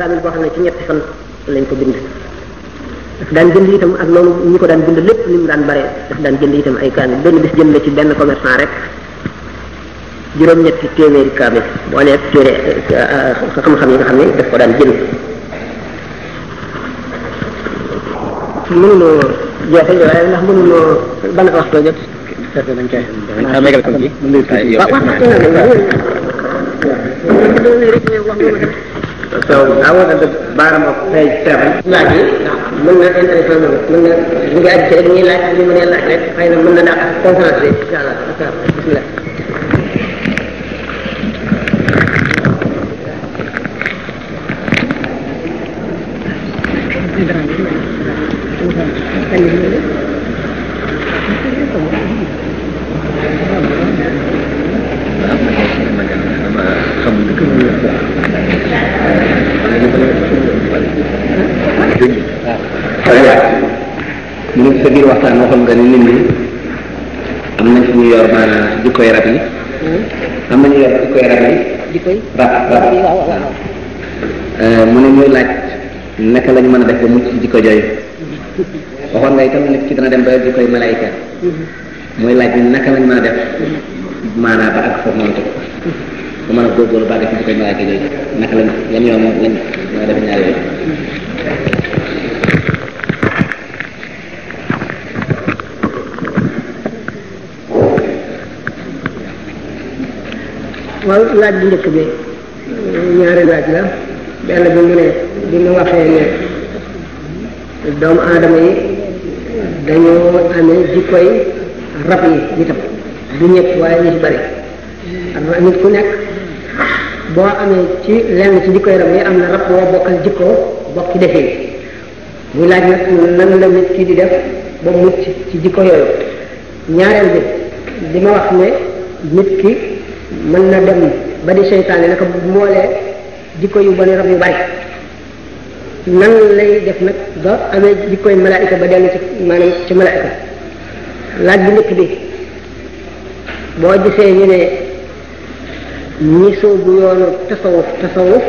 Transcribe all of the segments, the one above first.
kaamil boo xam ne ci ñetti fan lañ ko bind daf daan jënd itam ak loolu ñi ko daan bind lépp li mu daan bare daf daan jënd itam ay kaamil benn bis jënd ci benn commerçant rek juróom-ñetti téeméeri kaamil boo nee téere euh, xam-xam yi nga xam ne daf ko daan jënd mënuñoo jeexal waaye ndax mënuñoo ban waxtu jot waaw soow ah wala baaraam ak fay feebar. laaj yi mën na intéressé moom mën na li nga àgg ci rek ñuy laaj li mu ne laaj xëy na mën na daal conférence bi sa biir waxtaan waxoon nga ni nit ñi am nañ fu ñu yor maanaam jikkoy rab yi hmm? am nañu yor jikkoy rab yi jikkoy rab rab euh, mu ne ñuy laaj naka lañu mën a def ba mucc ci jikko jooyu waxoon nga itam nit ki dana dem ba jikkoy malayka hmm. muy laaj ni naka lañ mën a def maanaam ba ak foofu noonu ko ba mën a hmm. ba àgg ci jikkoy malayka jooyu naka lañ yan yoon lañ mën a def ñaar yooyu xool laaj bu njëkk bi ñaari laaj la benn bi mu ne bi mu waxee ne doomu aadama yi dañoo amee jikkoy rab yi itam du ñëpp waaye ñu ci bari nit ku nekk boo amee ci lenn ci jikkoy rab yi am na rab boo bokkal jikkoo bokki defee muy laaj nag nan la nit kii di def ba mucc ci jikko yooyu ñaareel bi di ma wax ne nit ki mën na dem ba di seytaane naka mboolee jikko yu bone rab yu bari nan lay def nag ba amee jikkoy malaayika ba dellu ci maanaam ci malaayika laaj bi njëkk bi boo gisee ñu ne ñi soobu yoonu tasawuf tasawuf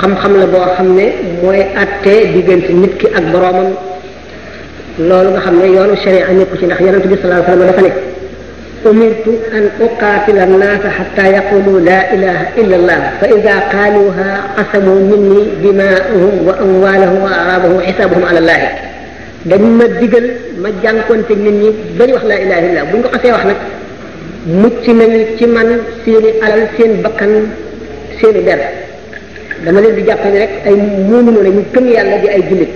xam-xam la boo xam ne mooy àttee diggante nit ki ak boroomam loolu nga xam ne yoonu sharia nekku ci ndax yonent bi sallallahu alayhi wasallam dafa umirtu an uqaatila annaasa xatta yaqulu laa ilaha illa allah fa ida qaaluha asamu minni dimaahum wa amwaalahum wa araabahum wa xisaabahum ala allahi dañ ma digal ma jànkonte nit ñi ba ñu wax laa ilaha illallah bu ñu ko xasee wax nag mucc nañu ci man seeni alal seen bakkan seeni der dama leen di jàpp ni rek ay muuminu la ñu gëm yàlla di ay jullit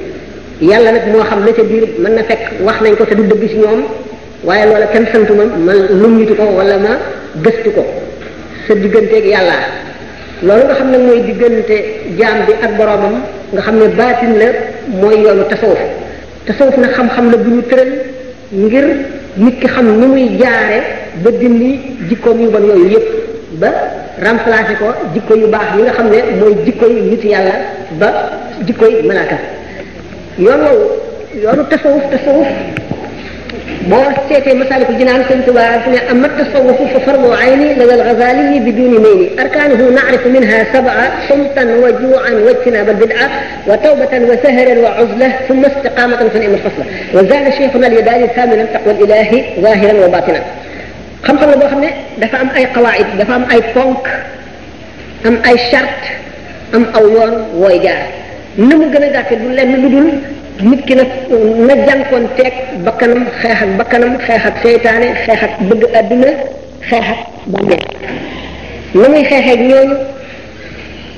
yàlla nag moo xam la ca biir mën na fekk wax nañ ko te du dëgg ci ñoom waaye loola kenn santu ma ma nummitu ko wala ma gëstu ko sa digganteeg yàlla loolu nga xam ne mooy diggante jaam bi ak boroomam nga xam ne baatin la mooy yoonu tasawuf tasawuf nag xam la bu ñu tëral ngir nit xam ni jaare ba dindi jikkoom yu bon yooyu yépp ba remplacé ko jikko yu baax yi nga xam ne mooy jikko yu nit yàlla ba jikko yi yoonu tasawuf tasawuf boo seetee masaalikul jinaan sëñ Tuubaa fi ne amma tasawufu fa fardu ayni lal Ghazali bi duni mayni arkaanahu na'rifu minha sab'a sumtan wa ju'an wa ijtinaba bid'a wa tawbatan wa sahran wa uzla thumma istiqamatan fi ni'mal fasla wa zaada shaykhuna al-Yadali thaminan taqwa al-ilahi zahiran wa batinan xam-xam la boo xam ne dafa am ay qawaid dafa am ay ponk am ay charte am aw yoon wooy jaar na mu gën a gàtte du lenn lu dul nit ki nag na jànkoon teeg bakkanam xeex ak bakkanam xeex ak seytaane xeex ak bëgg àdduna xeex ak bàmmeel na muy xeexeeg ñooñu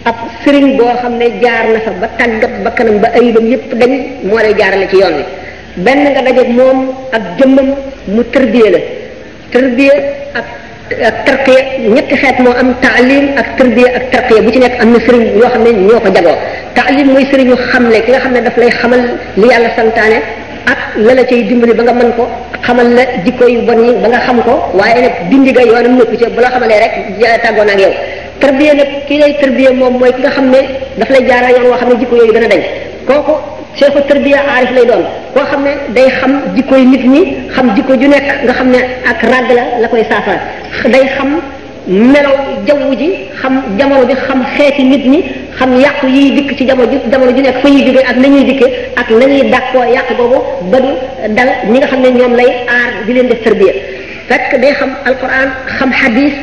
ab sëriñ boo xam ne jaar na fa ba tàggat bakkanam ba ayibam yépp dañ moo lay jaarale ci yoon wi benn nga dajeeg moom ak jëmmam mu tërbiye la tërbiye ak tarqiya ñetti xeet moo am taalim ak tarbiya ak tarqiya bu ci nekk am na sëriñ yoo xam ne ñoo ko jagoo taalim mooy sëriñu xamle ki nga xam ne daf lay xamal li yàlla santaane ak la la cay dimbali ba nga mën ko xamal la jikko yu bon yi ba nga xam ko waaye nag dindi ga yoonam nekku ci bu la xamalee rek ja tàggoon ak tarbiya nag ki lay tarbiya moom mooy ki nga xam ne daf lay jaaraa yoon woo xam ne jikko yooyu dana dañ kooku cheikhu tarbiya aarif lay doon koo xam ne day xam jikkoy nit ñi xam jikko ju nekk nga xam ne ak ràgg la la koy saafara day xam melo jaww ji xam jamono ji xam xeeti nit ñi xam yàqu yiy dikk ci jamono ji jamono ji nekk fa ñuy jógee ak na ñuy dikkee ak na ñuy dàkkoo yàq boobu ba du dal ñi nga xam ne ñoom lay aar di leen def tarbiya fekk day xam alquran xam hadis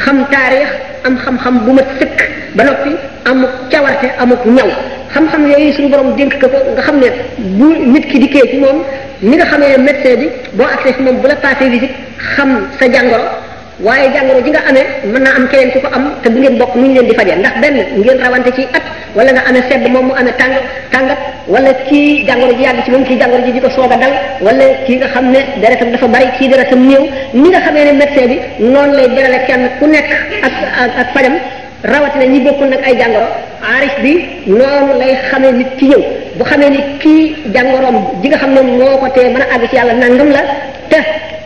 xam taarix am xam-xam bu ma sëkk ba noppi amuk cawarte amuk ñaw xam-xam yooyu suñu borom dénk ko nga xam ne bu nit ki di dikkee ci moom ni nga xamee ne médecin bi boo accès ci moom bu la passé visite xam sa jàngoro waaye jàngoro ji nga amee mën naa am keneen ku ko am te bu ngeen bokk mu ñu leen di fajee ndax benn ngeen rawante ci at wala nga amee sedd moom mu amee tàng tàngat wala kii jàngoro ji yàgg ci moom kii jàngoro ji di ko soog a dal wala kii nga xam ne deretam dafa bari kii deretam néew ni nga xamee ne médecin bi noonu lay berale kenn ku nekk ak ak ak fajam na ñi bokkul nag ay jàngoro aarif bi noonu lay xamee nit ki ñëw bu xamee ni kii jàngoroom ji nga xam ne moo ko tee mën a àgg ci yàlla nangam la te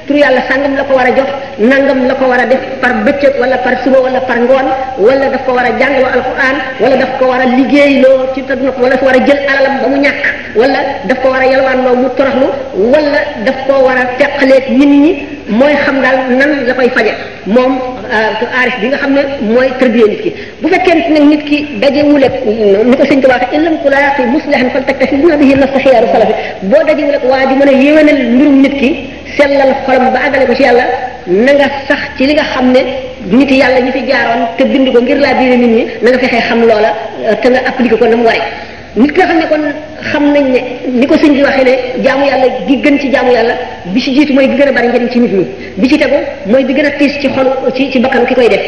tur yàlla sàngam la ko war a jox nangam la ko war a def par bëccëg wala par suba wala par ngoon wala daf ko war a jàngloo alquran wala daf ko war a liggéeyloo ci tëdd wala daf ko war a jël alalam ba mu ñàkk wala daf ko war a yalwaanloo mu toroxlu wala daf ko war a teqaleeg nit ñi mooy xam daal nan la koy faje moom aarif euh, bi nga xam ne mooy tërbiyee nit ki bu fekkee nag nit ki dajewuleeg lu ko sëñ ko waxee illam ku laaqi muslihan fal taktasi dina bihi nafsa xiyaaru salafi boo dajewuleeg waa ji mën a yéwénal mbirum nit ki sellal xolam ba àggale ko ci yàlla na nga sax ci li nga xam ne nit yàlla ñi fi jaaroon te bind ko ngir laa biire nit ñi na nga fexee xam loola te nga appliqué ko na mu waree nit ki nga xam ne kon xam nañ ne ni ko sëñ bi waxee ne jaamu yàlla gi gën ci jaamu yàlla bi ci jiitu mooy bi gën a bari njëriñ ci nit ñi bi ci tegu mooy bi gën a tiis ci xol ci ci bakkanu ki koy def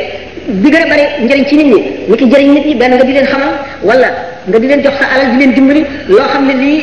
bi gën a bari njëriñ ci nit ñi ni ki jëriñ nit ñi benn nga di leen xamal wala nga di leen jox sa alal di leen dimbali loo xam ne lii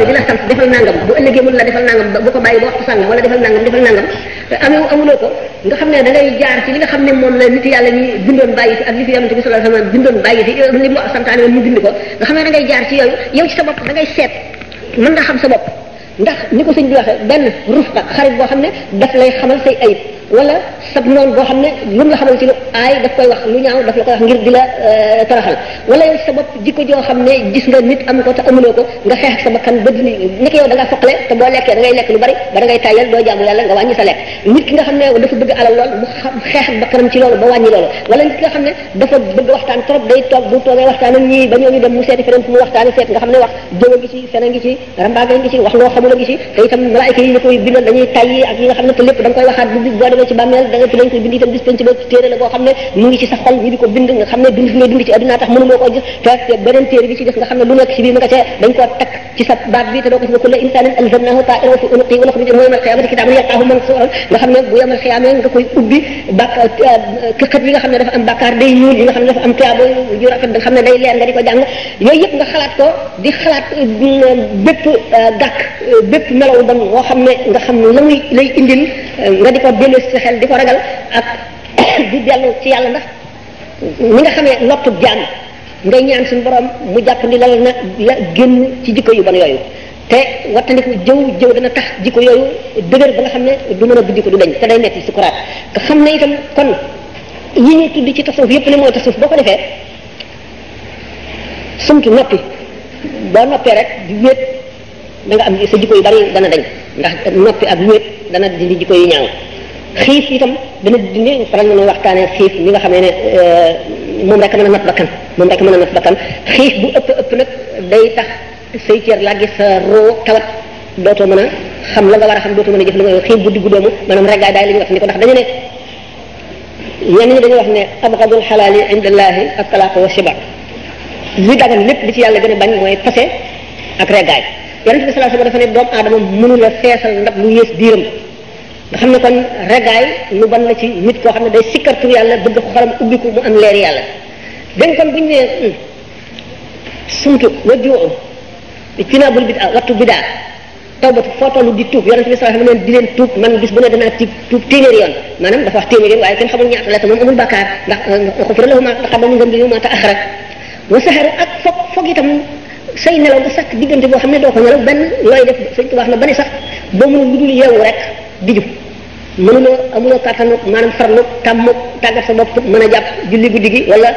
ne di la sant defal nangam bu ëllëgee mënu la defal nangam bu ko bàyyi ba waxtu sàngam wala defal nangam defal nangam te amee amuloo ko nga xam ne da ngay jaar ci yooyu yow ci sa bopp da seet mën nga xam sa bopp ndax ni ko sëñ bi waxee benn rufqa xarit boo xam ne daf lay xamal say ayib wala sab noonu boo xam ne lu la xamal ci lu aay daf koy wax lu ñaaw daf la koy wax ngir di la euh, taraxal wala yow sa jikko joo xam ne gis nga nit am ko te amuloo ko boo lekkee da ngay lekk lu bari ba da ngay tàyyal doo jaamu yàlla nga wàññi sa dafa bëgg waxtaan trop day toog bu toogee waxtaan ak ñii ba ñoo dem mu seeti feneen fu mu waxtaane seet nga xam ne wax jóg a ngi ci fen a ngi ci rambaage ngi ci wax loo xamul ngi ci te itam malaayka yi ñu koy bindal dañuy tàyyi ak yi nga xam ne te lépp da koy waxaat bu demee ci bàmmeel da nga ci dañ koy bind itam bis xam ne mu ci sa xol ñu di ko bind xam ne bind fi ngay bind ci adduna tax mënuloo koo gis te beneen téere bi ci def xam ne lu nekk ci biir ma nga ca dañ koo takk ci sa baat bii te doo ko ci kulla insanin alzamnahu ta'irahu fi unuqi wa nukhrijuhu yawmal qiyamati kitaban yalqahu mansura nga xam ne bu yawmal qiyamati nga bi euh, nga xam ne dafa am bàkkaar day ñuul yi am tiyaabo yu rafet nga xam ne day leer nga di ko jàng yooyu yëpp nga xalaat ko di xalaat euh, bépp euh, gàkk bépp melaw bon woo xam ne nga xam ne la muy lay indil nga di ko dellu ci di ko ragal ak di dellu ci yàlla ndax ni nga xamee lottu jàng ngay ñaan suñu borom mu jàpp ni la na la génn ci jikko yu bon yooyu te wattandiku jëw jëw dana tax jikko yooyu dëgër ba nga xam ne du mën a buddi ko du dañ te day nekk sukuraat nga xam ne itam kon yi ñuy tudd ci tasawuf yépp ne mooy tasawuf boo ko defee sumtu noppi boo noppee rek di wéet da am sa jikko yu dana dañ ndax noppi ak wéet dana dindi jikko yu ñaaw xiif itam dana dindi faral na waxtaanee xiif mi nga xamee ne euh, moom rek dana natt bakkan moom rek mën a nas bakkan xiif bu ëpp ëpp nag day tax say cër laa gis sa euh, roo tawat dootoo mën a xam la nga war a xam dootoo mën a jëf la nga xiif bu diggu doomu maanaam reggaay daay li ñuy ne ñenn ñi dañuy wax ne abgadul xalaali indallahi at-talaaq wa lépp li ci yàlla gën bañ mooy pase ak reggaay yonente bi sallallahu alayhi wasallam dafa ne doomu aadama mënula feesal ndab lu yées biiram nga xam ne kon reggaay lu ban la ci nit koo xam ne day sikkar tur yàlla bëgg xolam ubbiku mu am leer yàlla benn kon bu ñu nee hmm, sumtu wajju am ijtinaabul bid'a wattu bid'a tawbatu foo toll di tuub yonent bi sallallahu alayhi wasallam di leen tuub man bis bu ne danaa ci tuub téeméeri yoon maanaam dafa wax na yoon waaye kenn xamul ñaata la te moom amul bàkkaar ndax xufira lahu ma taqaddama min dambihi wa ma ta'akhkhara wa saharu ak foog foog itam say nelaw nga diggante boo xam ne doo ko nelaw benn looy def sëñ ko wax na ba ne sax boo mënul lu dul yeewu rek di jub mënuloo amuloo kattanu maanaam farlu tàmm tàggat sa bopp mën a jàpp julli guddi gi wala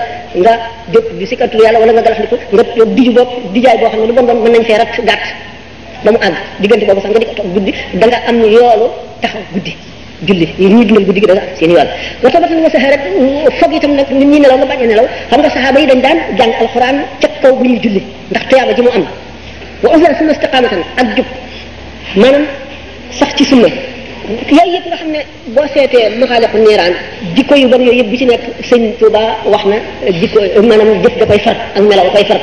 nga jóg di sikkatul yàlla wala nga galaxndiku nga diju bopp dijaay boo xam ne lu bon bon mën nañ fee rat gàtt ba mu àgg diggante boobu sax nga di ko guddi da nga am yoolu taxaw guddi julli ñuy dundal guddi gi da nga am seen yool wa tabatan wa saxa rek foog itam nag ñun ñi nelaw nga bañ a nelaw xam nga saxaaba yi dañ daan jàng alxuraan ca kaw bu ñuy julli ndax tuyaaba ji mu am wa ausra sunna istiqaamatan ak jub maanaam sax ci sunna yooyu yëpp nga xam ne boo seetee maxaaliqu niiraan jikko yu bari yooyu yépp bi ci nekk sëñ Tuuba wax na jikko maanaam jëf da koy far ak melaw koy far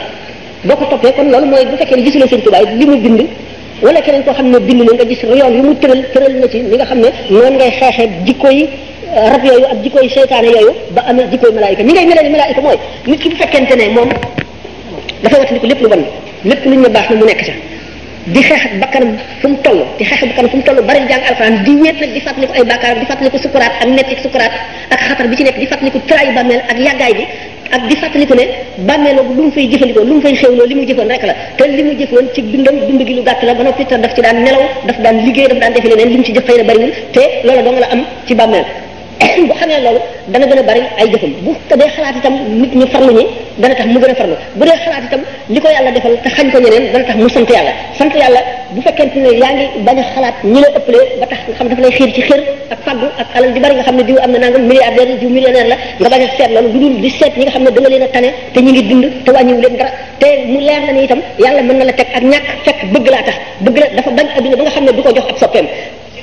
boo ko toppee kon loolu mooy bu fekkee ne gisuloo sëñ Tuuba li mu bind wala keneen xam ne bind na nga gis yoon yu mu nga xam ne noonu ngay xeexee jikko yi rab yooyu ak jikko yi seytaane yooyu ba amee jikko yi malaayika ni ngay melal ni mooy nit ki bu fekkente ne moom dafay wattandiku lépp lu bon lépp luñ ma baax na mu nekk ca di xeex ak bakkanam fu mu toll di xeex ak bakkanam fu mu toll bari jàng alxuraan di wéet nag di fàttaliku ay bàkkaar di fàttaliku sukuraat ak metti sukuraat ak xatar bi ci nekk di fàttaliku traayu bàmmeel ak yàggaay bi ak di fàttaliku ne bàmmeeloo lu mu fay jëfandikoo lu mu fay xewloo li mu jëfoon rek la te li mu jëfoon ci dundam dund gi lu gàtt la ba noppi te daf ci daan nelaw daf daan liggéey daf daan defe leneen li mu ci jëf xëy na bariwul te loola bu xamee loolu dana gën a bari ay jëfam bu ko dee xalaat itam nit ñi farlu ñi dana tax mu gën a farlu bu dee xalaat itam li ko yàlla defal te xañ ko ñeneen dana tax mu sant yàlla sant yàlla bu fekkente ne yaa ngi a xalaat ñi la ëppalee ba tax nga xam dafa xam ne diw am na a seet loolu lu nga xam ne da nga leen a tane te ñu ngi dund te wàññiwu leen dara te mu leer na ni itam yàlla mën na la teg ak ñàkk fekk bëgg laa tax bëgg la dafa bañ adduna ba nga xam ne du ko jox ab soppeem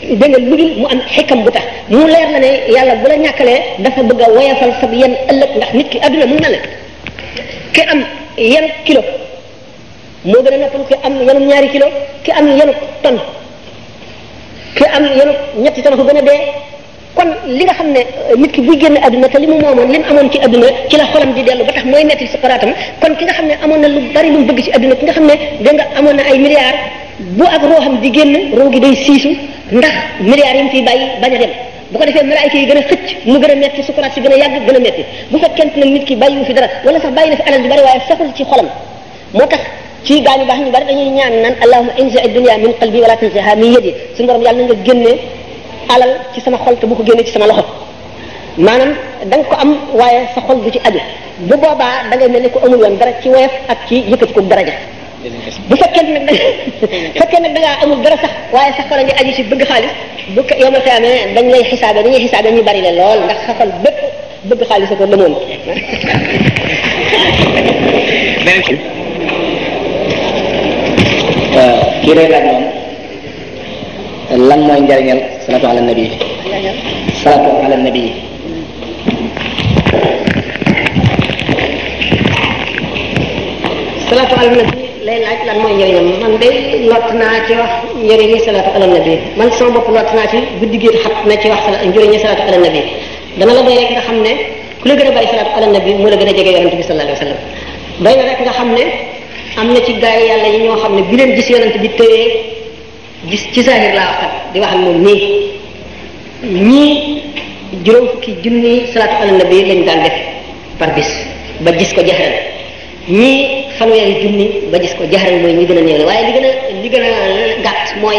dégg nga lu dul mu am xikam bu tax mu leer na ne yàlla bu la ñàkkalee dafa bëgg a woyafal sab yenn ëllëg ndax nit ki adduna mu na la ki am yenn kilo moo gën ki am yenn ñaari kilo ki am yenn tonne ki am yenn ñetti a li nga xam ne euh, nit ki buy génn adduna te li mu ci adduna ci la xolam di ba mooy metti sa paraatam kon ki nga xam ne amoon na lu bari lu mu bëgg ci adduna ki nga xam ne da nga amoon na ay milliards bu ak roo xam di génn roo gi day siisu ndax milliards fi bàyyi bañ a bu ko defee malaayika yi gën a xëcc mu gën a metti sukuraat si gën a yàgg gën a metti bu fekkent nag nit ki bàyyiwu fi dara wala sax bàyyi na fi alal ju bari waaye saxul ci xolam moo tax ci gaañu baax ñu bari dañuy ñaan naan allahumma inzi ad-dunya min qalbi wala tanziha min yadi suñu borom yàlla na nga alal ci sama xol te bu ko génnee ci sama loxo maanaam da ko am waaye sa xol du ci aju bu boobaa da ngay mel ni ko amul woon dara ci woyof ak ci yëkkati ko bu fekkente nag fekkee nag da ngaa amul dara sax waaye sax xol a ngi aju bëgg xaalis bu yowmal xiyaamee dañ lay xisaabe dañuy xisaabe ñu bari la lool ndax xol bépp bëgg xaalis ko lëmoon euh, kii day laaj moom lan mooy njariñal salatu ala nabi salatu lay laaj lan mooy njëriñam man de lott naa ci wax njëriñi salaatu ala nabi man sama bopp lott naa ci guddi gi xat na ci wax sala njëriñi salaatu ala nabi dama la doy rek nga xam ne ku la gën a bari salaatu ala nabi moo la gën a jege yonent bi sallallahu alayhi na xam ne am na ci gaay yàlla yi ñoo xam ne bi leen gis bi tëyee gis ci zahir laa di wax ak moom nii ñii juróom fukki junni salaatu lañ daan def par bis ba gis ko jaxran ñii fanweeri junni ba gis ko jaxaran mooy ñi gën a néew waaye li gën a li gën a gàtt mooy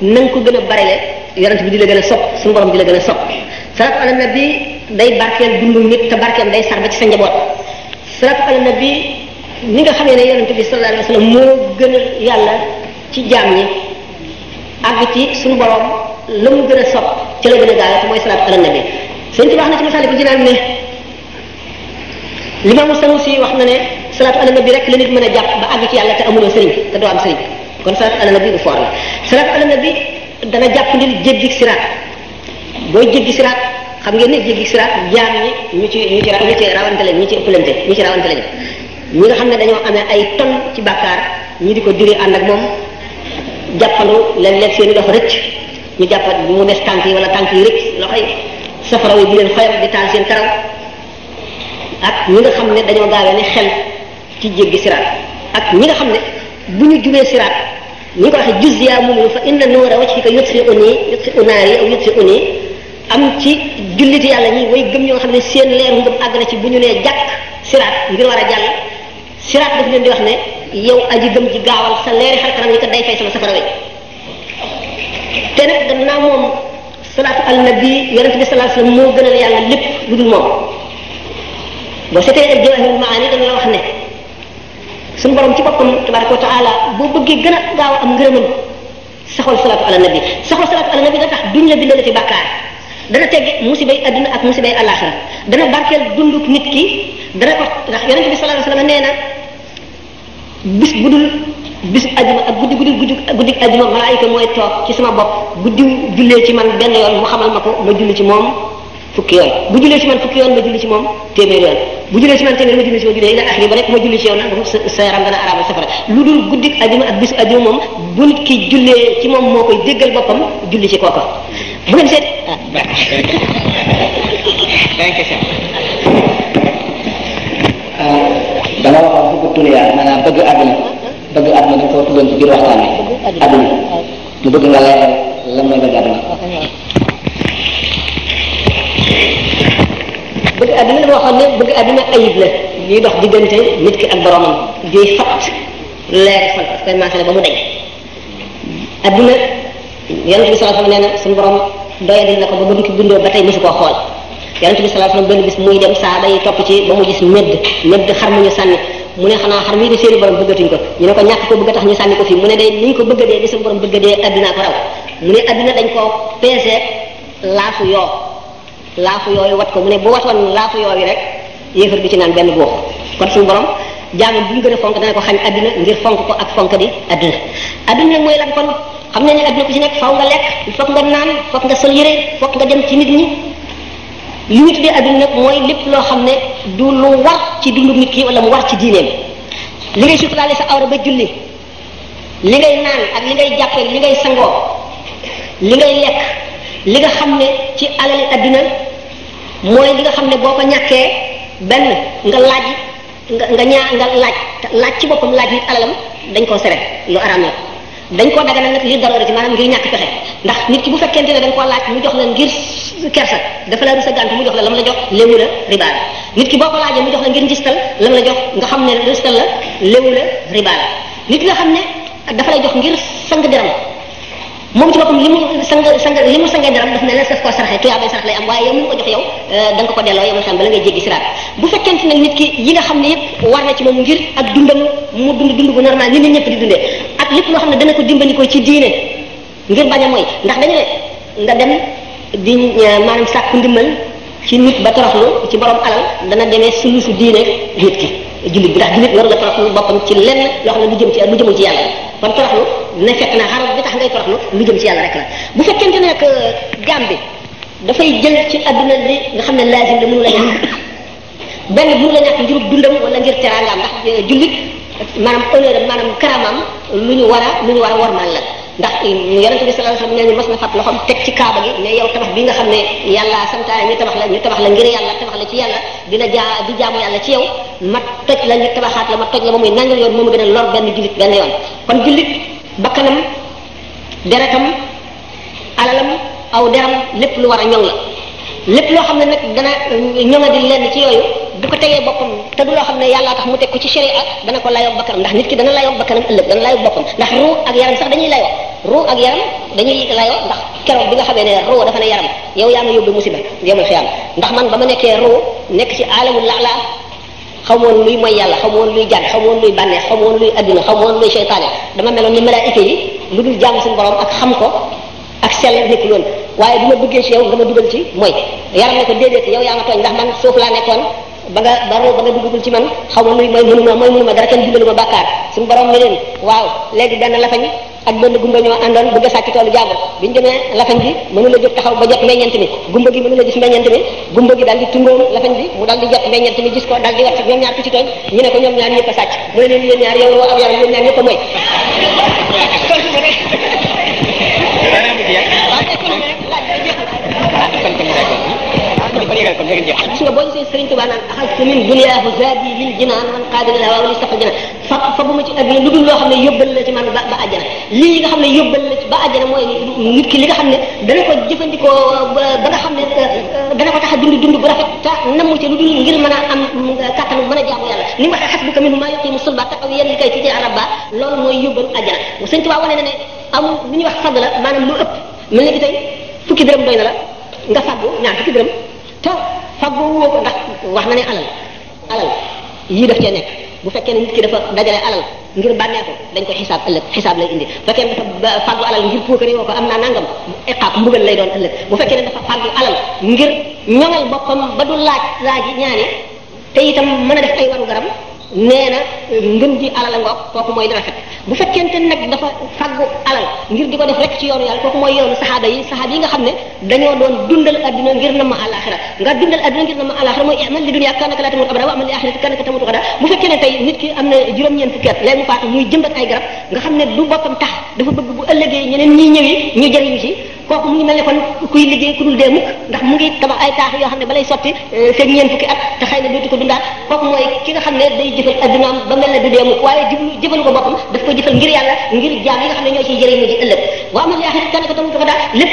na ko gën a le yonent bi di la gën a sopp suñu borom di la gën a sopp salatu ala nabi day barkeel dundu nit te day sar ba ci sa njaboot salatu ala nabi ni nga xamee ne yonent bi sallallahu alayhi wasallam moo gën yàlla ci jaam ñi àgg ci suñu borom la gën a sopp ci la a bi wax na ci masaliku jinaan ne limamu wax na ne salaatu ala bi rek la nit mën a jàpp ba àgg ci yàlla sa amuloo sëriñ te doo am sëriñ kon salaatu ala nabi bu foor la salaatu dana jàpp ndil jéggi siraat booy jéggi siraat xam ngeen ne jéggi siraat jaam ñi ñu ci ñu ci ñu ci rawante lañ ñu ci ëppalante ñu xam ne dañoo amee ay ton ci bàkkaar ñi di ko diree ànd ak moom jàppandu léeg-léeg seen i dox rëcc ñu jàpp mu des tànk tànk yi rëcc loxo yi safara yi di leen di taal seen karaw ak ñi nga xam ne dañoo gaawee ne xel ci jéggi siraat ak ñi nga xam ne bu ñu jubee siraat ñi ko waxee juzziya moom fa inna nuura wajhika yutfi unii yutfi unaari aw yutfi unii am ci julliti yàlla ñi way gëm ñoo xam ne seen leeru ngëm àgg na ci bu ñu nee jàkk siraat ngir war a jàll siraat daf di wax ne yow aji gëm ji gaawal sa leeri xar kanam yi kat sama safara wi te nag gannaaw moom salaatu al nabi yonente bi sallallahu alayhi wasallam moo gënal yàlla lépp lu dul moom boo seetee ak jawahirul maani dañ la wax ne suñu borom ci boppam tabaraka wa taala boo bëggee gën a gaaw a am ngërëmam saxol salaatu ala bi saxol salaatu ala bi da tax duñ la bindale fi bàkkaar dana tegg musibay adduna ak musibay alaxira dana barkeel dunduk nit ki dana ko ndax yonente bi sallallahu alayhi nee na bis bu dul bis ajuma ak guddi guddi guddi guddi ajuma malaayika mooy toog ci sama bopp guddi jullee ci man benn yoon mu xamal ma ko ma julli ci moom fukki yoon bu jullee si man fukki yoon ma julli si moom téeméer yoon bu jullee si man téeméer ma julli si si yow nag sa sa yaram dana araamal lu dul guddik ajuma ak bisu moom bu ki jullee ci moom moo koy déggal boppam julli ci kooka bu ngeen seet ah. Euh, da nga waxoon bëgg tuniyaa maanaam bëgg àdduna bëgg àdduna dañ koo tuddoon ci biir waxtaan bi àdduna bëgg nga leeral bëgg àdduna dafa waxoon ne bëgg àdduna ayib la yuy dox diggante nit ki ak boromam juy fat leer fal parce que maasale ba mu dañ àdduna yonent bi sallallahu alayhi wasallam nee na suñu borom doyadil na ko ba ba mu ko bindoo ba tey mosu koo xool yonent bi sallallahu alayhi wasallam benn bis muy dem saaba yi topp ci ba mu gis mëdd mëdd xar mu ñu sànni mu ne xanaa xar mi di seeni borom bëggatuñ ko ñu ne ko ñàkk ko bëgg a tax ñu sànni ko mu ne dee ni ñu ko bëgg a dee di suñu borom bëgg a dee àdduna ko raw koo peesee laafu laafu yooyu wat ko mu ne bu watoon laafu yooyu rek yéefar bi ci naan benn góox kon suñu borom jaamu bu ñu gën a fonk dana ko xañ adduna ngir fonk ko ak fonk di adduna adduna mooy lan kon xam ne nekk nga lekk fokk nga naan fokk nga sol yére fokk nga dem ci nit ñi li ñu tuddee adduna mooy lépp loo xam ne du lu war ci dundu nit ki wala mu war ci diineem li ngay suturaale sa awra ba julli li ngay naan ak li ngay jàppe li ngay sangoo li ngay lekk li nga xam ne ci alali adduna mooy li nga xam ne boo ko ñàkkee benn nga laaj nga nga ñaa nga laaj laaj ci boppam laaj nit alalam dañ koo sere lu araam la dañ koo daganal nag li daroore ci maanaam ngir ñàkk pexe ndax nit ki bu fekkente ne dañ koo laaj mu jox la ngir kersa dafa la rus a gànt mu jox la lam la jox léwu la riba nit ki boo ko laajee mu jox la ngir njistal lam la jox nga xam ne njistal la léwu la riba la nit nga xam ne dafa lay jox ngir sang deram moom ci boppam li mu sang sang li mu sangee dara daf ne la saf koo saraxee tuyaabay sarax lay am waaye yow mi ngi jox yow euh, da nga ko delloo yow xam bala ngay jéggi siraat bu fekkente nit ki yi nga xam ne yëpp war na ci moom ngir ak dundam mu dund dund bu normal nit ñi ñëpp di dundee ak lépp loo xam ne dana ko dimbali ko ci diine ngir a mooy ndax dañu ne nga dem di euh, maanaam sàkku ndimbal ci nit ba toroxlu ci borom alal dana demee sulusu diine nit ki jullit bi ndax jullit war nga toroxlu boppam ci lenn loo xam ne du jëm ci du jëmul ci yàlla kon toroxlu ne fekk na xarab bi tax ngay toroxlu lu jëm ci yàlla rek la bu fekkente ne jaam bi dafay jël ci adduna li nga xam ne laajim la mënu la ñàkk benn mënu la ñàkk ngir dundam wala ngir teraangaam ndax eh, jullit maanaam honneur am maanaam karamaam a lu a warmal la ndax eh, yonente bi sallallahu mas na fat loxoom teg ci kaaba gi ne yow tabax bi nga xam ne yàlla santaane ñu tabax la ñu tabax la ngir yàlla tabax la ci yàlla dina jaa di jaamu yàlla ci yow ma toj la ñu tabaxaat la ma toj la ba muy nangal yoon moom gën a lor benn jullit benn bakkanam deretam alalam aw deram lépp lu war a ñoŋ la lépp loo xam ne nag dana euh, ñoŋa di lenn ci yooyu du ko tegee boppam te du loo xam ne yàllaa tax mu teg ko ci sharia dana ko layoo bakkanam ndax nit ki dana layoo bakkanam ëllëg dana layoo boppam ndax ruu ak yaram sax dañuy layoo ruu ak yaram dañuy layoo ndax keroog bi nga xamee ne ruu dafa ne yaram yow yaa ma yóbbu musiba yomal xiyaam ndax man ba ma nekkee ruu nekk ci alamul la xamoon luy mooy yàlla xamoon luy jàng xamoon luy bànneex xamoon luy adduna xamoon luy seytaane dama meloon ni malaayika yi lu dul jaamu suñu borom ak xam ko ak sell nekk loolu waaye bi ma bëggee ci yow nga dugal ci mooy yàlla ne ko déedéet yow yaa ma tooñ ndax man suuf laa nekkoon ba nga ba ba nga duggagul ci man xaw ma nuy may mënuma may mënuma dara kenn dimbaluma bàkkaar suñu borom ne leen waaw léegi benn lafañ ak benn gumba ñoo àndoon bëgg a sàcc toolu jàmbur bi ñu demee lafañ bi mënu la jóg taxaw ba jot meññent mi gumba gi mënu la gis meññent mi gumba gi daal di tungoom lafañ bi mu daal di jot meññent mi gis ko daal di ñoom ñaar ku ci ñu ne ko ñoom ñaar ñëpp a sàcc mu ne leen yéen ñaar yow loo am yaram yéen ñaar ñëpp a mooy xiral ko dëgg jeex gis nga boo gisee Sëriñ Tuubaa naan axastu min dunyaahu jinaan man qaadina laa waaw li sax jina fa fa bu ma ci àdduna lu dul loo xam ne yóbbal la ci man ba ba la ci ba àjjana mooy ki li nga xam ne dana ba nga xam ne euh, euh, dana a dund dund bu rafet ta namu ci a euh, a sulba taxaw li koy ci araba loolu mooy yóbbalu àjjana Sëriñ Tuubaa wane na ne amul lu wax fadla maanaam lu ëpp mel ni ki tey fukki na la nga fàggu ñaar fukki dërëm te fagoo woo ko ndax wax na ne alal alal yii daf cee nekk bu fekkee ne nit ki dafa dajale alal ngir bànnee ko dañ ko xisaab ëllëg xisaab lay indi bu fekkee ne dafa faggu alal ngir puukare woo ko am naa nangam iqaab mbugal lay doon ëllëg bu fekkee ne dafa faggu alal ngir ñoŋal boppam ba du laaj laaj ñaane te itam mën a def ay waru garam nee na ngëm alal a ngoog kooku mooy di rafet bu fekkente nag dafa faggu alal ngir di ko def rek ci yoonu yàlla kooku mooy yoonu saxaaba yi saxaaba yi nga xam ne dañoo doon dundal adduna ngir na ma àlaxira nga dundal adduna ngir na ma àlaxira mooy amal li dunya kaanaka laa tamutu abada wa amal li axirati kaanaka tamutu xada bu fekkee ne tey nit ki am na juróom-ñeent fukki at léegi mu faatu muy jëmbat ay garab nga xam ne du boppam tax dafa bëgg bu kooku mu ngi mel ne kon kuy liggéey ku dul dee mukk ndax mu ngi tabax ay taax yoo xam ne balay sotti euh, feeg ñeent fukki at te xëy ko dundaat ki nga xam ne day jëfal ko boppam daf ko jëfal ngir yàlla ngir lépp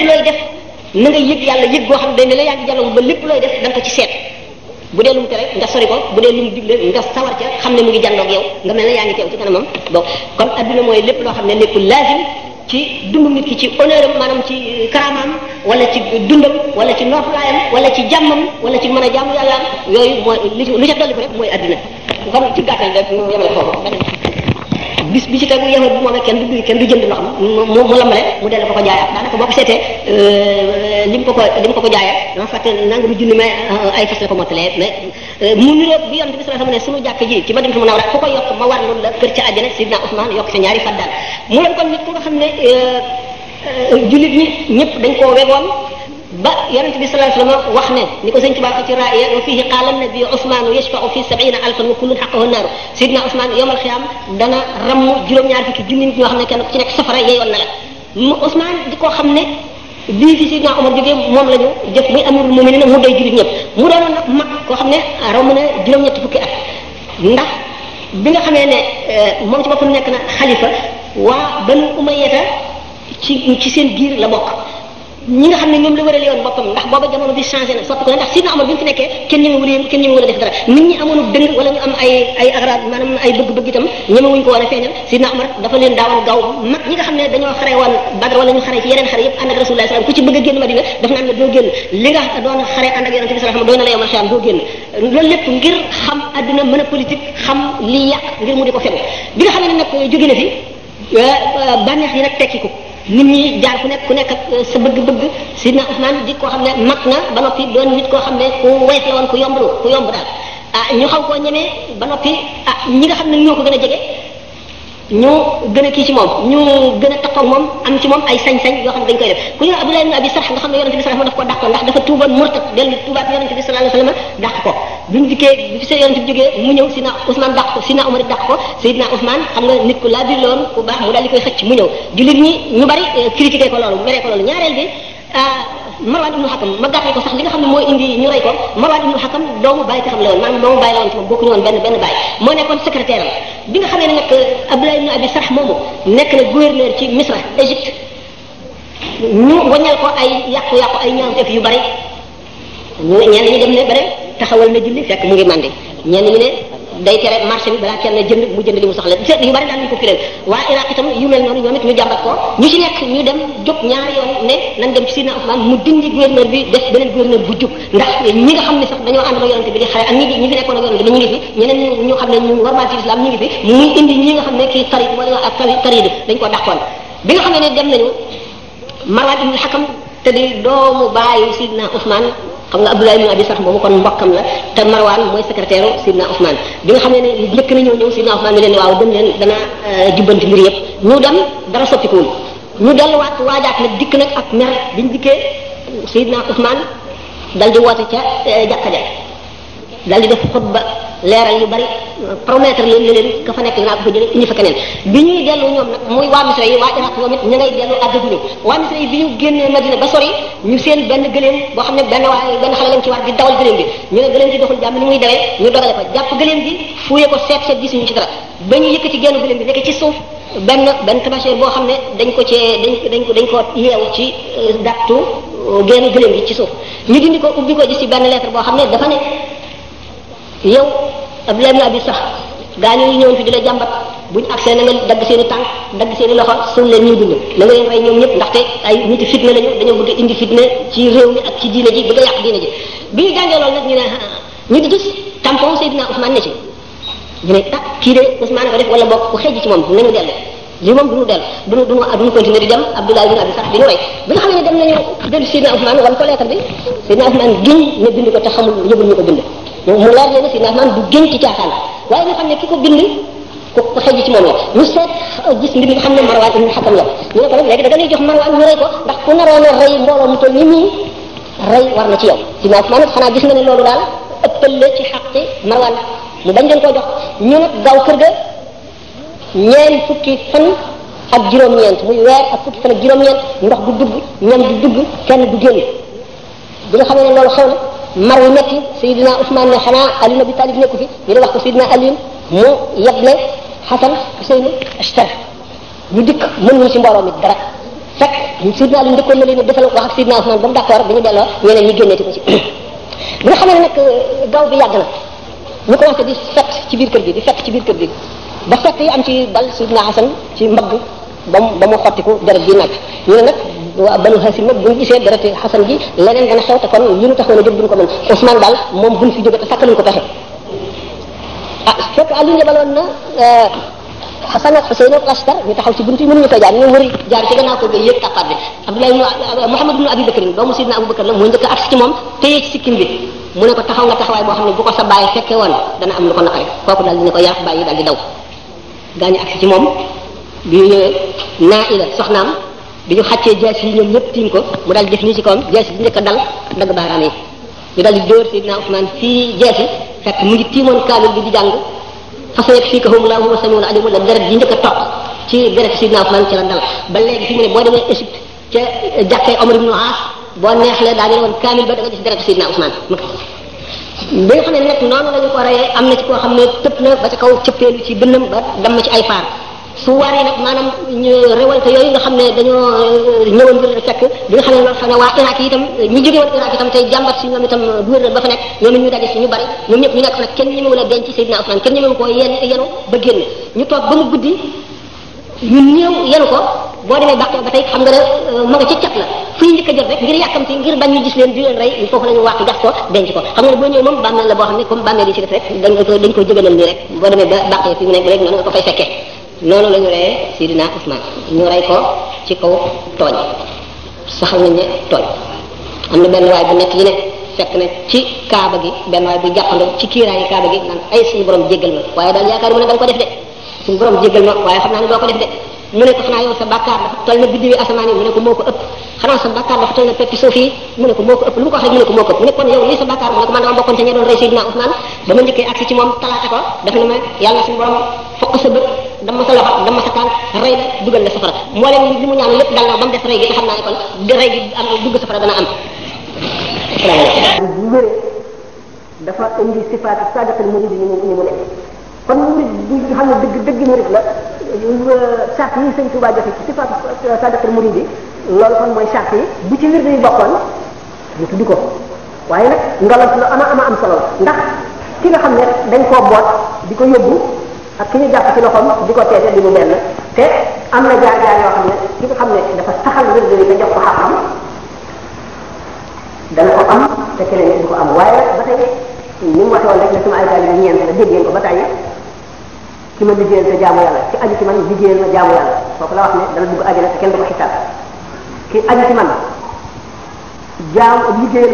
looy def na nga yëg xam ne da nga ko ci seet bu dee lu mu tere nga sori ko bu dee lu mu digle nga sawar ca xam ne mu ngi jàndoog yow nga mel ne yaa ngi teew ci kanamam bokk kon adduna mooy lépp loo xam ne lépp laazim ci dundu ki ci honneur maanaam ci euh, karamaam wala ci dundam wala ci nooflaayam wala ci jàmmam wala ci mën a jàmm yàlla yooyu mooy lu ca dolli ko rek mooy adduna kon ci gàttal rek yemale bis bi ci tegu yahut bi moomee kenn du duy kenn du jënd ndox mu mu lambale mu dellu ko ko jaayaat daanaka boo ko seetee lim euh, ko ko lim ko ko jaayee mu junni mais euh, ay fas la ko euh, bi yonent bi ko yokk ma war loolu la kër ca àjjana Sidna Usmaan yokk sa ñaari faddaal mu leen kon nit ku nga xam ne jullit ñi ñëpp dañ koo wegoon ba yonent bi sallallahu alayhi wasallam wax ne ni ko sëñ Tuubaa wax ci raaya wa fihi qaala nabi Ousmane yashfa'u fi sab'ina alfan wa kullun haqqahu an-naar sidna Ousmane yawmal xiyaam dana ramm juróom-ñaar fukki junni nit ñoo xam ne kenn ku ci nekk safara yeyoon na la mu Ousmane di ko xam ne bii fi sidna Omar jógee moom la ñu jëf muy amul mu'minin mu day jullit ñëpp mu doonoon nag mag koo xam ne ramm na juróom-ñetti fukki at ndax bi nga xamee ne eh, moom ci boppam nekk na xalifa waa banu umayyata ci ci seen biir la bokk. ñi nga xam ne ñoom la am ay ay agrab maanaam ay bëgg-bëgg itam ñemewuñ ko war a feeñal sidna Omar dafa leen ne dañoo xare woon Badr wala ñu xare ci yeneen xare yëpp ànd ak Rasulullah sallallahu alayhi wasallam ku a génn li nga doon xare ànd ak bi sallallahu alayhi wasallam doon na la yomal xiyam doo génn loolu lépp ngir xam ne fi euh, bànneex yi nag tekki nit ñi jaar ku nekk ku nekk ak euh, sa bëgg-bëgg sidna Usmaan di koo xam ne mag na ba noppi doon nit koo xam ne ku wees la woon ku yomb ku yomb daal ah ñu xaw koo ñemee ba noppi ah ñi nga xam ne ñoo ko gën a jege ñu gën a kii ci moom ñu gën a taxaw moom am ci moom ay sañ-sañ yoo xam ne dañ koy def ku ñu Abdullah ibn Abi Sarh nga xam ne yonente bi sallallahu alayhi daf ko dàq ko bi mu dikkee bi fi seen yonente jógee mu ñëw Sidna Ousmane dàq ko Sidna Omar dàq ko Sidna Ousmane xam nga nit ku laa bir loon ku mu daal di koy xëcc mu ñëw jullit ñi ñu bari eh, critiqué ko loolu meree ko loolu ñaareel bi ah, Marwan ibnu Hakam ma gàttal ko sax li nga xam ne mooy indi ñu rey ko Marwan ibnu Hakam doomu bàyyi te xam la woon maanaam doomu bàyyi la woon ci moom bokkuñu woon bàyyi moo nekkoon secrétaire am bi nga xamee ne nag Abdullah ibnu Abi Sarh moomu nekk na gouverneur ci Misra Égypte ñu wañal ko ay yàqu-yàqu ay ñaawteef yu bari ñenn ñi dem ne bare taxawal na julli fekk mu ngi màndi ñenn ñi ne day tere marché bi balaa kenn jënd mu jënd li mu soxla seet yu bari daan nañu ko fireel waa Iraq itam yu mel noonu ñoom it ñu jàmbat ko ñu ci nekk ñu dem jóg ñaari yoon ne nañ dem ci Sidna Ousmane mu dindi gouverneur bi def beneen gouverneur bu jub nga xam ne sax dañoo ànd ak yonante bi di xare ak ñi ñi fi nekkoon ak yonante bi ñu ngi fi ñeneen ñu xam ne ñu warmal ci islam ñu ngi fi muy indi ñi nga xam ne kii tari wala ak tari dañ xam nga Abdoulaye ibn Abi Sarh moomu kon mbokkam la te Marwan mooy secrétaire u Sidna Ousmane bi nga xam ne ne njëkk na ñëw ñëw Sidna Ousmane ne leen waaw dem leen dana euh, jubbanti mbir yëpp ñu dem dara soppikuwul ñu delluwaat waajaat nag dikk nag ak mer biñ dikkee Sidna Ousmane dal di woote ca euh, jàkka daal di def xutba leeral yu bari promettre leen leen ka fa nekk dinaa ko fa jëlee indi fa keneen bi ñuy dellu ñoom nag muy waa misra yi waa iraq it ñu génnee madina ba sori ñu seen benn gëléem boo xam ne benn waaye benn xale lañ ci war di dawal gëléem bi ñu ne gëléem gi doxul jàmm ni muy dawee ñu dogale ko jàpp gëléem boo xam ne dañ ko cee dañ dañ ko dañ ko yeewu ci euh, dattu euh, genn gëléem gi ci suuf ñu dindi ko ubbi ko gis ci benn lettre boo xam ne dafa ne yow Abdoulaye ibn Abi Sax gaa ñooñu ñëwoon fi di la jàmbat buñ agsee na nga dagg seen i tànk dagg seen loxo suñ leen ñuy dund na nga leen rey ñoom ñëpp ndaxte ay niti fitna lañu dañoo bëgg a indi fitna ci réew ci diina a yàq ji bi ñu jàngee loolu nag ñu ne ah, ah, ah, ñu di gis tampon Seydina Ousmane ne ci ñu kii de Ousmane ko wala bokk ku xëj ci moom nañu dellu lii moom duñu dellu duñu duñu duñu continuer di dem Abdoulaye ibn Abi ne ko te xamul yëgul ñu ko bind moom xam leer na ne si ndax maam du génn ci caaxaan waaye ñu xam ne ki ko bind ku ku ci moom la ñu seet gis mbir mi xam ne marwaan ibnu xakam la ñu ne da nga lay jox marwaan ñu rey ko a rey mbooloo mu toll ni nii rey war na ci yow si naa maanaam xanaa gis nga ne loolu daal ëppal la ci xaqi marwaan mu bañ leen koo jox ñu nag gaaw kër ga ñeen fukki fan ak juróom-ñeent muy weer ak fukki fan ak juróom-ñeent ndox du dugg ñam bu dugg kenn du génn bi nga xamee ne loolu xew na mar yu metti Seydina Ousmane ne xanaa Ali ibn Abi Talib nekku fi ñu ne wax ko Seydina Ali mu yeble Xasan Xuseynu Ashtar ñu dikk mënuñu ci mbooloo mi dara fekk Seydina Ali njëkkoon na leen defal wax ak Seydina Ousmane ba mu d'accord bi ñu delloo ñeneen ñi génneeti ko ci bi nga xamee ne nag euh, bi yàgg na ñu commencé di fett ci biir kër gi di fett ci biir kër gi ba fett yi am ci dal Seydina Xasan ci mbagg ba mu ba mu xottiku deret bi nag waa banu hasim nag buñu gisee dereti xasan ji leneen dana xew te kon li ñu taxoon a jóg duñ ko mën Ousmane daal moom buñ fi jóge te sàkkaluñ ko pexe ah fekk Aliou na euh, Xasan ak Xuseyn ak Askar ñu taxaw ci buntu yi mënuñu koy jaar ba yëg tappaat bi euh, Sidna Abu Bakar la moo njëkk at ci moom téye ci sikkim bi mu ne ko taxaw nga taxawaay boo xam ne bu ko sa bàyyi fekke woon dana am lu ko naqari kooku daal dina ko yàq bàyyi daal di daw gaañu agsi ci moom bi ñëwee euh, naa ila soxnaam bi ñu xàccee jaasi yi ñoom ñëpp tiim ko mu daal def nii ci kawam jaasi bi njëkk dal dagg baaraam yi ñu daal di dóor Seydina Ousmane fii jaasi fekk mu ngi tiimoon kaamil bi di jàng façoyeg fii ko xamu laa la deret yi njëkk a toq ci deret Seydina Ousmane ba boo demee Égypte ca eh, jàkkee Omar ibn Aas boo neexlee daa ñu woon kaamil ba da nga gis bi nga xam ne nag noonu la ko reyee am na ci koo xam ne tëpp na ba ca kaw cëppeelu ci bënnam ba dam ci ay faar su waree nag maanaam ñu révolte yooyu nga xam ne dañoo euh, ñëwoon ngir fekk bi nga xam ne loolu xam ne waa Irak yi itam ñu jóge woon Irak itam tey jàmbat si ñoom itam gouverneur ba fa nekk ñoom kenn ñemewu la denc Seydina Ousmane kenn ñemewu ko yenn yenu ba génne ñu toog ba mu guddi ñu néew yenu ko boo demee bàqee ba tey xam nga ne euh, ma nga ca cat la fu ñu njëkk a jot rek ngir yàkkamti ngir bañ ñu gis leen di rey ñu foofu la ñu wàq jax ko denc ko xam ne boo ñëwee moom bàmmeel la boo xam ne comme bàmmeel yi ci def rek dañ ko dañ noonu la ñu si Sidina Usmaan ñu rey ko ci kaw tooñ saxal nañ ne tooñ am na benn waay bu nekk li ne fekk na ci kaaba gi benn waay bu jàppando ci kiiraayi kaaba gi naan ay suñu borom jéggal ma waaye daal yaakaar mu ne da nga ko def de suñu borom jéggal ma waaye xam naa ne doo ko def de mu ne ko xanaa na biddiwi asamaan yi mu ne ko moo ko ëpp xanaa sa bàkkaar dafa toll na peppi suuf yi mu ne ko moo ko ëpp lu mu ko ne ko moo ne kon lii sa bàkkaar mu ne ko man dama bokkoon te ñe doon rey Seydina Ousmane ba ma njëkkee agsi ci moom talaata dama sa loxo dama sa tànk rey la dugal la safara mboolem li mu ñaan lépp dal na ba mu des rey gi te xam naa ne dugg safara dana am. wéré dafa indi sifaati sadatal murid yi ñu mu nekk kon murid bi dëgg dëgg murid la sart yi sëñ Tuubaa joxe ci sifaati sadatal murid yi mooy sart yi bu ci wér day bokkoon ko waaye nag ngalot lu ama ama am solo ndax ki nga xam ne dañ koo boot di ko yóbbu ak ki ñu jàpp ci loxoom di ko teete di mu benn te am na jaar-jaar yoo xam ne ki nga xam ne dafa saxal wirdu yi ko xam-xam dana ko am te keneen du ko am waaye ba tey mu waxe ne sama bi ba tey ci ma liggéeyal te jaamu yàlla ci aju ci man liggéeyal ma jaamu yàlla kooku la wax ne dana dugg ko xisaab ki aju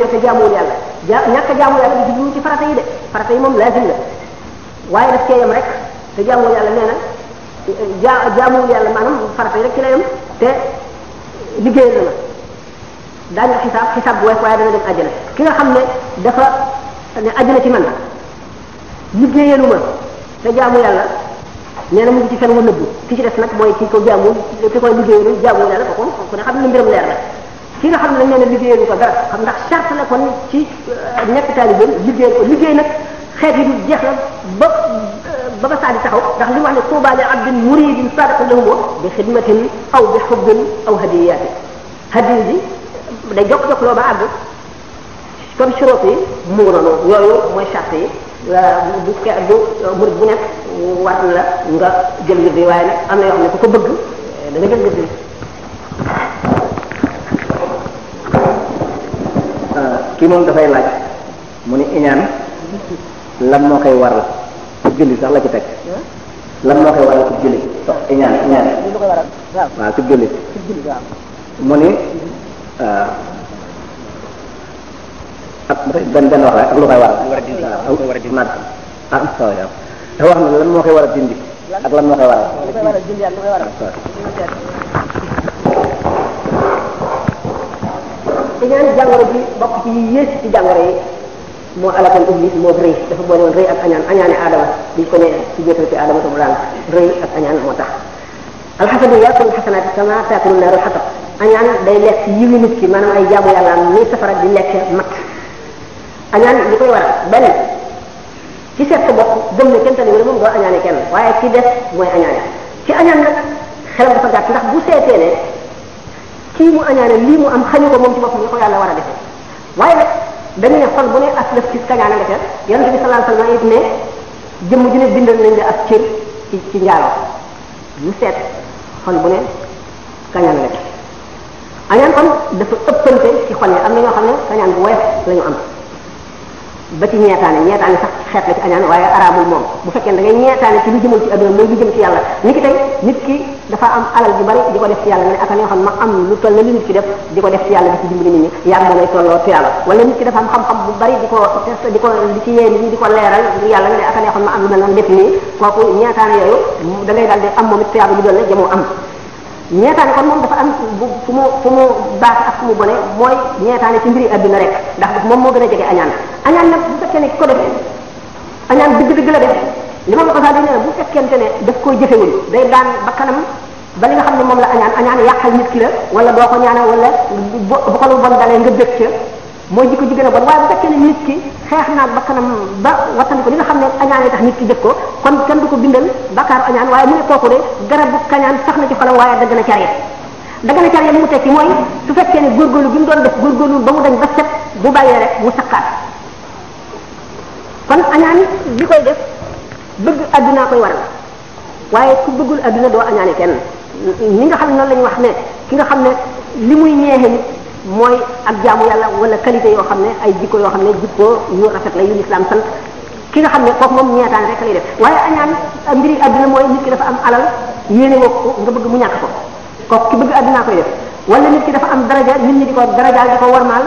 ci ja ñàkk a jaamu yàlla ci farata yi de farata yi moom lazim la waaye daf cee yem rek te jaamu yàlla nee na jaa jaamu yàlla maanaam farata rek ci la te liggéeyal na daañu la xisaab xisaab bu wees waaye dana dem àjjana ki nga xam ne dafa ne àjjana ci man liggéeyalu ma te jaamu yàlla nee mu ngi ci fen wu nëbbu ki ci des nag mooy ki ko jaamu ki koy liggéeyalu jaamu yàlla ko ku ne xam ne mbiram leer la ki nga xam ne nee na liggéeyalu ko dara xam ndax charte la kon ci euh, nekk taalibeem liggéeyal ko liggéey nag xeet yi du jeex la ba ba ba saa di taxaw ndax li mu wax ne tuuba li abdin muridin sadiqin lahu bi xidmatin aw bi xubbin aw hadiyatin hadiy bi day jokk jokk loo ba àgg comme shurut yi mu nekk war la nga jël ngir am ne ku ko bëgg eh, da nga jël ngir bi euh, kii moom dafay moo koy waral pour julli sax la ci teg lan moo koy waral pour julli sox iñaan iñaan waaw pour mu ni euh, ak benn benn wax la ak lu koy waral mar ah so yow dafa wax ne lan koy war dindi ak lan moo koy waral iñaan ah, jàngoro bi bokk ci yées ci jàngoro yi moo alakal iblis moo rëy dafa boole woon rëy ak añaan añaane aadama biñ ko ne ci jotal ci aadama tam raan rëy ak añaan moo tax alxasadu yaakulu xasanaati kama taakulu naaru xatab añaan day lekk yiwi nit ki maanaam ay jaamu yàlla ni safara di lekk mat añaan li koy waral benn ci seet sa bopp gëm ne kenn taliwul moom doo añaane kenn waaye ki def mooy añaane ci añaan nag xelam dafa gàtt ndax bu seetee ne kii mu añaane lii mu am xañu ko moom ci bopp ni ko yàlla war a defee dañu ne xol bu ne as lëf ci kañaana nga ca yonente bi sallallahu alayhi wasallam it ne jëmm ju ne bindal nañ la ab cër ci ci njaaloo lu seet xol bu ne kañaan nga ca añaan kon dafa ëppante ci xol yi am a ñoo xam ne kañaan bu woyof lañu am ba ci ñeetaane ñeetaane sax xeet la ci añaan waaye araamul moom bu fekkee da ngay ñeetaane ci lu jëmal ci adduna muy lu jëm ci yàlla ni tey nit ki dafa am alal ju bari ko def ci yàlla nga ne ak ñoo xam ma am lu toll na li nit ki def di ko xam bu bari di ko test di ko di ci yee di ko leeral yàlla nga ne ak ñoo xam ma am lu mel noonu def nii kooku ñeetaane yooyu da ngay daal di am moom it tiyaaba ju doon ne jëmoo am ñeetaane kon moom dafa am fu mu fu mu baax ak fu mu bone mooy ñeetaane ci mbiri àddina rek ndax moom moo gën a jege añaan añaan nag bu fekkee ne ki ko defee añaan dëgg-dëgg la li ma la ko sax nee bu fekkente ne daf koy jëfewul day daan ba kanam ba li nga xam ne moom la añaan añaan yàqal nit ki la wala doo ko ñaanal wala bu ko lu bon dalee nga dëkk mooy jikko ji gën ba bon waaye bu fekkee ne nit ki xeex naa ba kanam ba wattan ko li nga xam ne añaane tax nit ki jëf ko kon kenn du ko bindal bakkaaru añaan waaye mu ne kooku de garabu kañaan sax na ci xolam waaye dagg na ca yet dagg na ca yet li mu tekki mooy su fekkee ne góorgóorlu bi mu doon def góorgóorlu ba mu dañ ba set bu bàyyee rek mu sakkaat kon añaan bi koy def bëgg addunaa koy waral waaye ku bëggul adduna doo añaane kenn ni nga xam ne noonu la wax ne ki nga xam ne li muy ñeexe nit mooy ak jaamu yàlla wala qualité yoo xam ne ay jikko yoo xam ne jikko yu rafet la yu lislaam sant ki nga xam ne kooku moom ñeetaan rek lay def waaye añaan mbiri adduna mooy nit ki dafa am alal yéene woo ko nga bëgg mu ñàkk ko ko ki bëgg addunaa koy def wala nit ki dafa am daraja nit ñi di ko darajaal di ko la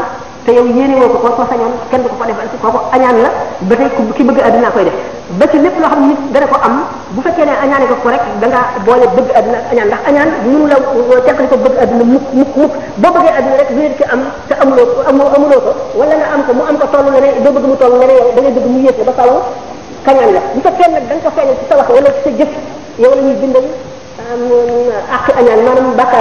te yow yéene woo ko koo ko sañoon kenn du ko ko defal kooku añaan la ba tey ki bëgg àddina koy def ba ci lépp loo xam nit dana ko am bu fekkee ne añaane ko ko rek da ngaa boole bëgg àddina añaan ndax añaan mënu la teqali ko bëgg àddina mukk mukk mukk boo bëggee àddina rek lu nit ki am te amuloo amuloo amuloo ko wala nga am ko mu am ko toll nga ne doo bëgg mu toll nga ne yow da ngay bëgg mu yéeg la ba faaw kañaan la bu fekkee nag da nga ko feeñal ci sa wax wala ci sa jëf yow la ñuy bindal am àq añaan ma ko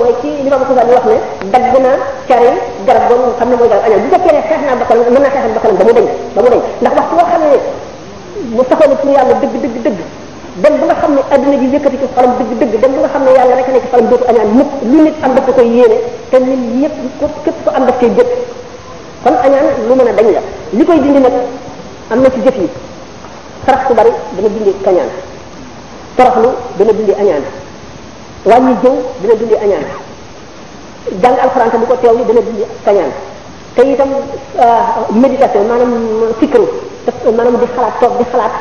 wax ne dagg naa cari garab garab añaan bu fekkee ne xeex naa bakkanam mën naa xeexal bakkanam ba mu deñ ba mu deñ ndax wax boo xam ne mu saxoon dëgg dëgg ba nga xam ne adduna bi yëkkati ci xolam dëgg dem ba nga xam ne yàlla rek ne ci xolam dootu daf koy yéene te nit yëpp ko képp ko am daf koy jëkk kon añaan lu mën a dañ la li koy dindi nag am na ci jëf yi sarax su bari dana dindi kañaan toroxlu dana dindi añaan wàññi jëw dana dindi añaan jàng alxuraan te bu ko teewli dana dindi kañaan te itam euh, méditation maanaam fikru maanaam di xalaat toog di xalaat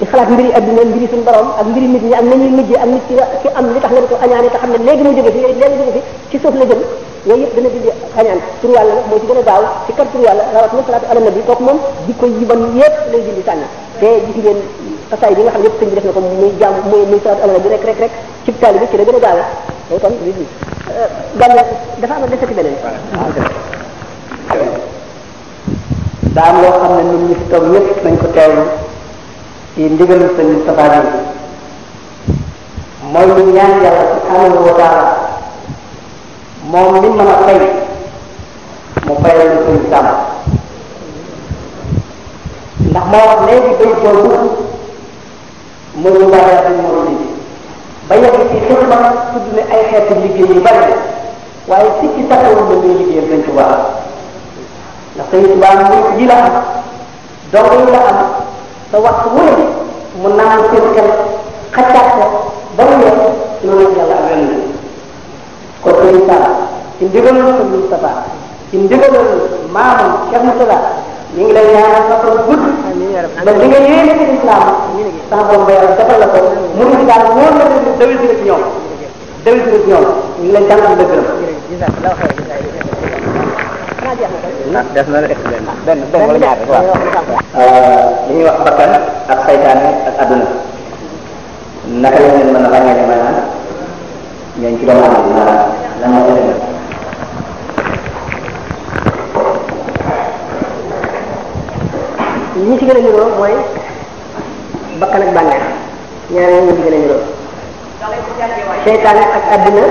di xalaat mbiri adduna mbiri suñu borom ak mbiri nit ñi ak nañuy mujj ak nit ki am li tax nga di ko añaane te xam ne léegi mu jóge fi léegi jóge fi ci suuf la jëm yooyu yëpp dana dindi añaan tur yàlla moo ci gën ci kar tur yàlla rawat na salaatu ala nabi kooku moom jikko yi bon yëpp lay dindi sànni te gis ngeen xasaay bi nga xam yëpp sëñ bi def na ko muy jàmm muy ala bi rek rek rek ci taali bi ci la gën a gaawe day kon li bi euh, dafa am desati beneen ah, daa am loo xam ne ñun ñi fi toog ñëpp mooy ñu ñaan yàlla subhanahu wa taala moom li mën a fay mu fayal ñu sëñ sàmm ndax moo wax léegi bay mooy mu baax yaa moo doon liggéey ba yegg ci xutba tudd ne ay xeetu liggéey yu bari waaye si ci taxawul ba muy liggéeyal Sëñ Tuubaa ndax Sëñ Tuubaa moom ji la am doom yi la am te waxtu wu ne mu naan seen xel xaccaat ko ba mu yegg loolu yàlla ak yoon ko Sëñ Tuubaa ci ndigalul Sëñ Mustafa ci ndigalul maamam Cheikh Moustapha ñu ngi lay ñaanal sa tool gudd. ba li nga yéene ci islam sax borom ba yàlla defal la ko mu ngi daal wóor na ci dawil si ci ñoom dawil si ci ñoom ñu ngi lay jàngal la gërëm. na def na la def benn benn benn wala ñaar waaw. Euh, li ñuy wax bakkan ak saytaane ak adduna naka la leen mën a ràññee maanaam ñooñu ci doomu aadama maanaam lan moo ko li ñu ci gën a niroo mooy bakkan ak bànneex ñaar yooyu ñu ci gën a niroo seytaan ak addina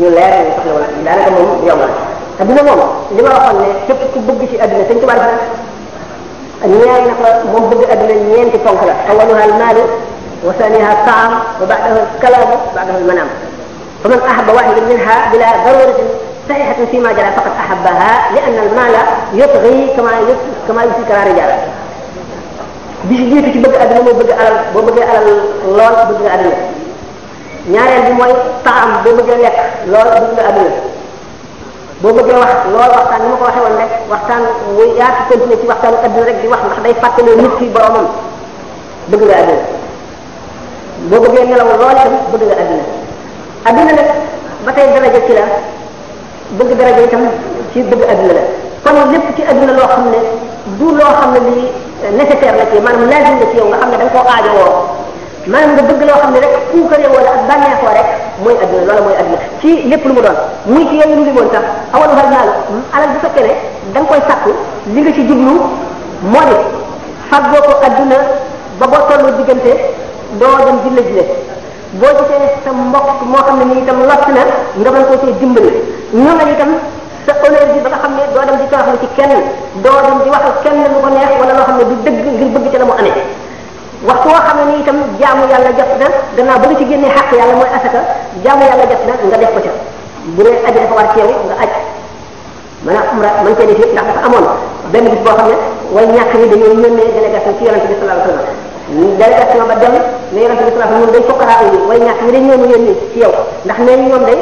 ñu leer ñu soxla woon daanaka moom yomb na addina moom li ma waxoon ne képp ku bëgg ci addina sëñ tubaab dafa ñaari na ko moom bëgg addina ñeenti ponk la awaluha almaali wa saniha taam wa ba'dahu alkalaamu ba'dahu almanaam fa man ahabba waahidan minha bila daruratin صحيحة فيما جرى فقد أحبها لأن المال يطغي كما كما يطغي كما رجالا bi si jiitu ci bëgg àdduna moo bëgg alal boo bëggee alal lool bëgg nga àdduna ñaareel bi mooy taam boo bëggee lekk lool bëgg nga àdduna boo bëggee wax lool waxtaan ni ma ko waxee woon rek waxtaan muy yaatu continuer ci waxtaan àdduna rek di wax ndax day fàttaloo nit ki boromam bëgg nga àdduna boo bëggee nelaw lool itam bëgg nga àdduna àdduna nag ba tey daraja ci la bëgg daraja itam ci bëgg àdduna la kon lépp ci àdduna loo xam ne du loo xam ne lii nécessaire la ci maanaam lazim la ci yow nga xam ne da nga koo aajowoo maanaam nga bëgg loo xam ne rek puukare wala ak a rek mooy adduna loola mooy adduna ci lépp lu mu doon muy ci yooyu lu limoon sax awalu xar naal alal bu fekkee sa da nga koy sàkku li nga ci jublu moo di faggoo ko adduna ba boo tollu diggante doo dem la jile boo gisee sa mbokk moo xam ne nii itam lott na nga mën koo see dimbali ñoo la itam sa honneur bi ba nga xam ne doo dem di toroxlu ci kenn doo dem di waxal kenn lu ko neex wala loo xam ne la mu amee jaamu yàlla jot na gannaaw ba nga ci génnee xàq yàlla mooy asaka jaamu yàlla jot nga def ko ca bu dee aji dafa war teew nga aj mën a umra mën cee def yëpp ndax amoon benn bis boo xam ne way ñàkk ñi dañoo yónnee délégation ci yonente bi sallallahu alayhi wasallam délégation ba dem ne yonente bi sallallahu alayhi wasallam day fuqaraa yi way ñàkk ñi dañ ñoo ma yónnee ci yow ndax nee ñoom day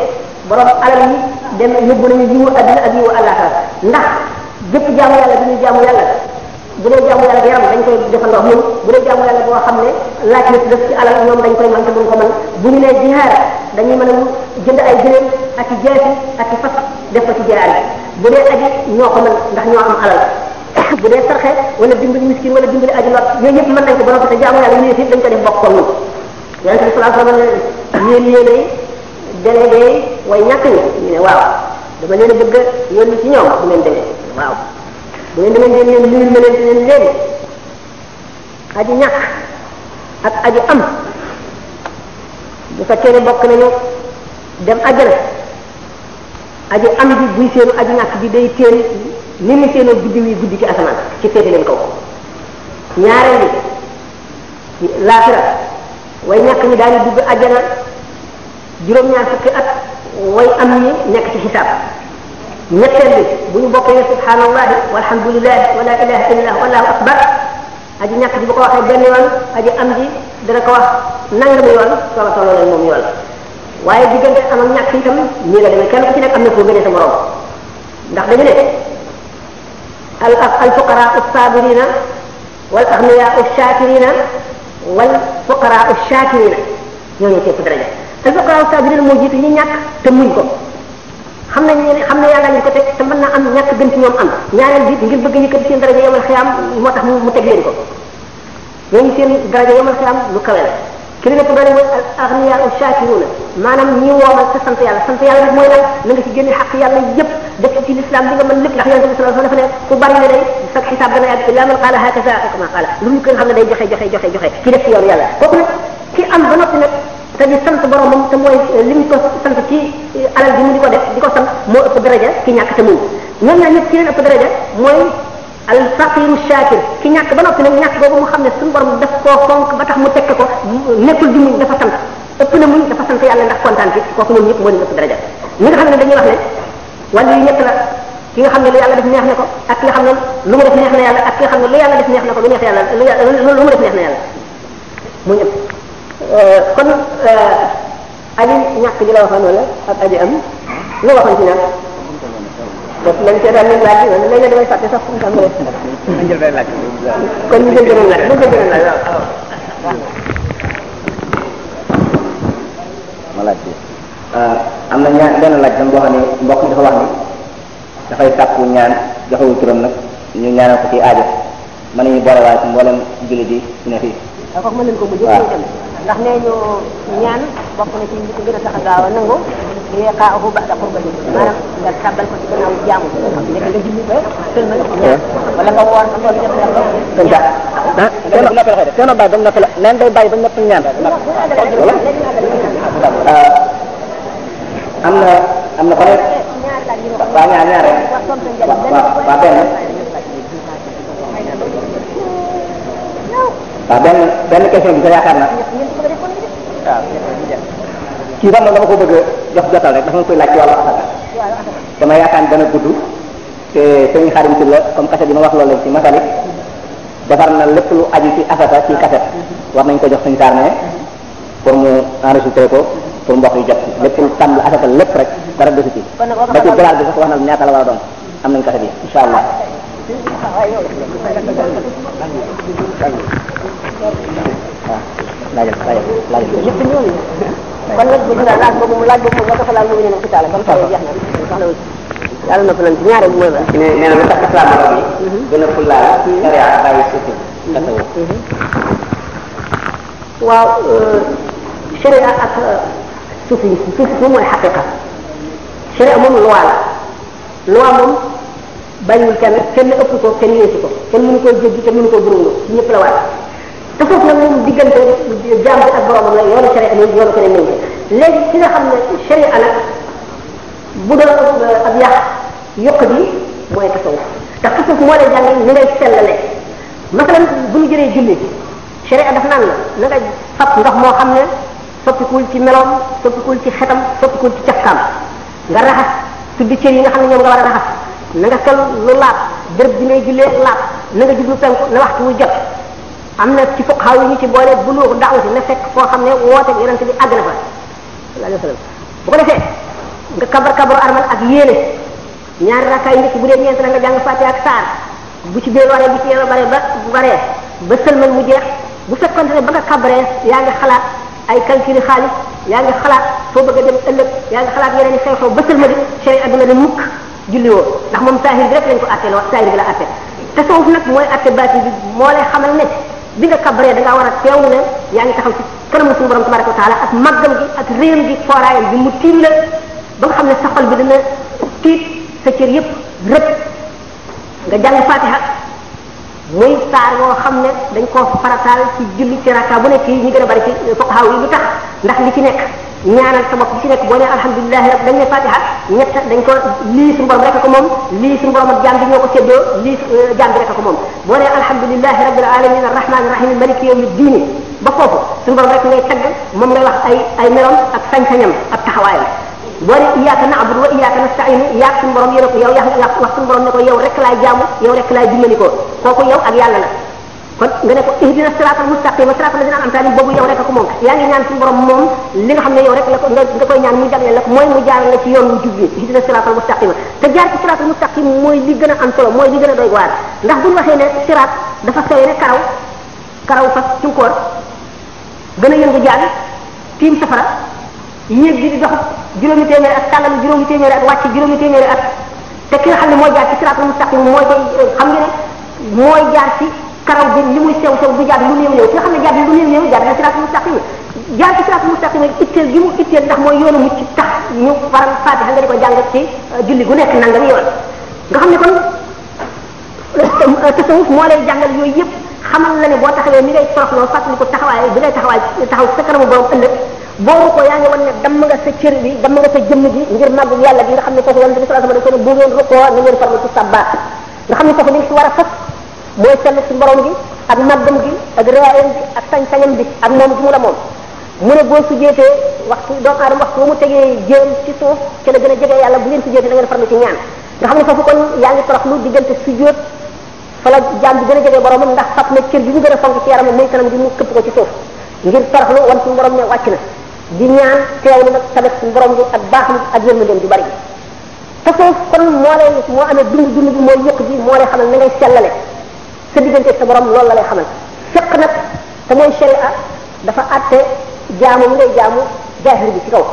borom alal dem yóbbu nañu yiwu adduna ak yiwu àllaaxira ndax gépp jaamu yàlla bi ñuy jaamu yàlla bu dee jaamu yàlla bi yaram dañ koy defandoo ak ñun bu dee jaamu yàlla boo xam ne laaj na ci def ci alal ñoom dañ koy mën te duñ ko mën bu ñu nee jihaar dañuy mën a ay gëléem ak i jeesi ak i fas def ko ci jihaar bu dee aji ñoo ko mën ndax ñoo am alal bu na sarxe wala dimbali miskin wala dimbali aju lot yooyu yëpp mën nañ ba noppi te jaamu yàlla ñu ne fii dañ ko def bokk ko ñun yonente bi sallallahu alayhi dana dee way ñàkk nga waaw dama leen bëgg a yónni ci ñoom demee waaw bu ngeen leen luyul ma leen ci leen ñàkk ak aji am bu fekkee ne bokk nañu dem ajjana aji am ji buy seenu aji ñàkk ji day teen ni ni seenu guddi wi guddi ci asamaan ci féete leen kaw ñaareel bi laafira way ñàkk ñi daal di dugg ajjana juróom-ñaar fukki at way am ñi nekk ci xisaab ñetteel bi bu ñu bokkee subhanallahi walhamdulillahi wala ilaha illallah wallahu akbar aji ñàkk ji bu ko waxee benn yoon aji am ji dana ko wax nangami yoon soola tolloo leen moom yoon waaye diggante am ak ñàkk itam nii la kenn ku ci nekk am na ko gënee sa morom ndax dañu ne al al fuqara as-sabirina wal aghniya ash-shakirina wal fuqara ash-shakirina ñooñu daraja te fuqaraa saabiriin moo jiitu ñi ñàkk te muñ ko xam nañ ne xam ne yàlla ñu ko teg te mën naa am ñàkk gën ci ñoom am ñaareel bi ngir bëgg yëkkati seen daraja yomal xiyaam moo tax mu teg leen ko ñooñu seen daraja yomal xiyaam lu kawe la ki li nekk doole mooy al-aghniyaa ash-shaakiruuna maanaam ñi woomal te sant yàlla sant yàlla rek mooy lan na nga ci génne xaq yàlla yépp def ci l'islam li nga mën lépp ndax yonent bi sallallahu alayhi wasallam dafa ne ku bari ne day sax xisaab dana yàgg illa man qaala hakaza kama qaala lu ñu ko xam ne day joxe joxe joxe joxe ci def ci yoon yàlla kooku nag ki am ba noppi nag te di sant boromam te mooy eh, lim ko sant ci eh, alal bi mu di ko def di ko sant moo ëpp daraja ki ñàkk te moom ñoom ñaar ñëpp ci leen ëpp daraja mooy al faqiru shakir ki ñàkk ba noppi nag ñàkk boobu mu xam ne suñu borom daf koo fonk ba tax mu tekk ko nekkul di muñ dafa sant ëpp na muñ dafa sant yàlla ndax kontaan ci ko moom ñëpp moo leen ëpp daraja ñi nga xam ne dañuy wax ne wàllu yu ñett la ki nga xam ne lu yàlla def neex ko ak ki nga ne na yàlla ak ki nga neex na ko lu neex yàlla Euh, kon euh, aji ñàkk ji la waxoon wala ak aji am la waxoon ci naan daf lañ cee daan leen laaj wala léegi damay fàtte sax fu mu tàmbalee kon ñu jël beneen laaj ñu jël beneen laaj waaw ma laaj bi euh, am na ñaan benn laaj tam boo xam ne mbokk dafa wax ni dafay sàkku ñaan joxewu turam nag ñu ñaanal ko ci aajo mën nañu boolewaay ci ndax nee ñu ñaan bokk na ci li ko gën a tax a gaaw a nangu li xaahu nga tàbbal ko ci gannaaw jaamu nga julli ba sëlmal ñaan wala nga woor nga toog def ah, ko da da kenn ba mu noppale neen day bàyyi ba mu noppale ñaan ah, am na am na ba ñaar ñaar rek waaw waaw benn benn question bi sa yaakaar na waaw kii sax moom ko bëgg a jox jotal rek dafa ma koy laaj ci wàllu asaka dama yaakaar dana gudd te sëñ xarim ci la comme kaset bi ma wax loolu ci masalik defar na lépp lu aju ci asaka ci kaset war nañ ko jox sëñ Sarr pour mu enregistré ko pour yi jot ci lépp lu tàmm la asaka lépp rek dara desu ci ba ci dollar bi sax wax na ñaata la war a doon am nañ kaset yi incha allah laajal laajal laajal lépp ñooñu kon nag bëgg naa laaj boobu mu laaj boobu moom dafa laal mu ngi ne ci taala comme taw jeex na soxla wu yàlla na ko lan ci ñaare mooy la nee na lu tax islam bi gën a fullaal sharia bàyyi suufi tasawu waaw euh, sharia ak euh, suufi suufi moom mooy xaqiqa sharia moom loi la loi moom wul kenn kenn ëpp ko kenn yéesi ko kenn mënu koo jéggi te koo gërëmloo ci ñëpp la waay te foofu nag moom diggante jaam bi ak boromam la yoonu sharia amul yoonu keneen nañ na ki nga xam ne sharia nag a doon euh, ab yàq yokk bi mooy tasawuf ndax tasawuf moo lay jàngal ni ngay sellale masalan bu ñu jëlee julli sharia daf naan la na nga fab ndox moo xam ne soppikuwul ci meloom soppikuwul ci xetam soppikuwul ci cafkaam nga raxas tudd cër yi nga xam ne ñoom nga war a raxas na nga sol lu laab bërëb bi ngay jullee laab na nga jublu penku na waxtu wu jot am na ci fuqahaa yi ñu ci boole bu luuxu daawati na fekk foo xam ne woote yonent bi àgg na fa sallallahu alayhi wa sallam bu ko defee nga kabar kabaru bu dee ñeent na nga jàng saar bu ci biir waree bu ci yàlla bare ba waree ba sëlmal mu jeex bu fekkonte ne ba nga kabaree yaa nga xalaat ay calcul xaalis yaa nga xalaat foo bëgg a dem ëllëg yaa nga xalaat yeneen i xew-xew ba sëlmali chéré adduna ne mukk julli woo ndax moom saahir bi rek lañ ko atte loo saahir bi la atte tasawuf nag mooy atte baati bi moo lay xamal ne bi nga kabaree da ngaa war a teewlu ne yaa ngi taxaw kanamu suñu taala ak màggam gi ak réem gi fooraayam bi mu tiim la ba nga xam ne sa bi dana tiit sa cër yëpp rëpp nga jàng fatiha muy saar woo xam ne dañ koo farataal ci julli ci rakka bu nekk yi ñu gën a bari ci fuqahaa yi lu tax ndax li ci nekk ñaanal sa bopp bi ci nekk boo nee alhamdulilah rek dañ ne fatiha ñett dañ ko lii suñu borom rek ko moom lii suñu borom ak jaam bi ñoo ko séddoo lii euh, jaam bi rek ko moom boo nee alhamdulilahi rabbil alamin arrahmani rahim maliki yawmi diini ba foofu suñu borom rek ngay tagg moom ngay wax ay ay merom ak sañ-sañam ak taxawaayam boo ne iyyaka na'budu wa iyyaka nasta'in yaag suñu borom yéena ko yow yaa wax suñu borom ne ko yow rek laay jaamu yow rek laay dimbali ko kooku yow ak yàlla la kon nga ne ko ihdina siraatal mustaqima siraatal lazina an'amta alayhim boobu yow rek ko moom yaa ngi ñaan suñu borom moom li nga xam ne yow rek la ko nga koy ñaan mu jagleel la ko mooy mu jaar la ci yoon wu jub bi ihdina siraatal mustaqima te jaar ci siraatal mustaqim mooy li gën a am solo mooy li gën a doy waar ndax buñu waxee ne siraat dafa sewee ne karaw karaw fas ci koor gën a yëngu jaar tiim safara yéeg bi di dox juróomi téeméeri ak tàllalu juróomi téeméeri ak wàcc juróomi téeméeri ak te ki nga xam ne mooy jaar ci siraatal mustaqim mooy koy xam nga ne mooy jaar ci karaw bi li muy sew sew du jaadu lu néew néew ki nga xam ne jaadu lu néew néew jaadu na siraat mustaqim jaar ci siraat mustaqim itteel gi mu itteel ndax mooy yoonu mucc tax ñu faral fatiha nga di ko jàng ci uh, julli gu nekk nangam yoon nga xam ne kon uh, tasawuf moo lay jàngal yooyu yëpp xamal la ne boo taxawee ni ngay toroxloo fàttali ko taxawaay bi ngay taxawaay taxaw sa kanamu borom ëllëg boobu ko yaa ngi wan ne damm nga sa cër bi damm nga sa jëmm bi ngir màggu yàlla bi nga xam ne foofu wante bi sallallahu alayhi wasallam bu ngeen rukkoo na ngeen farlu ci sabba nga xam ne foofu li nga si war a fas mooy sell ci borom gi ak màggam gi ak réwaayam gi ak sañ-sañam bi ak moom gi mu la moom mu ne boo sujjeetee waxtu doomu aadama waxtu mu tegee jéem ci suuf ci la a bu ngeen sujjeetee da ngeen farlu ci ñaan nga xam ne foofu kon yaa ngi toroxlu diggante sujjóot fa la gën a jege boromam ndax fab na cër bi mu gën a fonk ci yaramam muy kanam bi mu këpp ko ci suuf ngir toroxlu wan suñu borom ne wàcc na di ñaan teewlu nag tamit suñu borom bi ak baax gi ak yërmandeem ju bari te foofu kon moo lay moo amee dund dund bi mooy yëq bi moo lay xamal na sellale sa diggante sa borom loolu la lay xamal fiq nag te mooy dafa àtte jaamu mi ngay jaamu jaahir bi ci kaw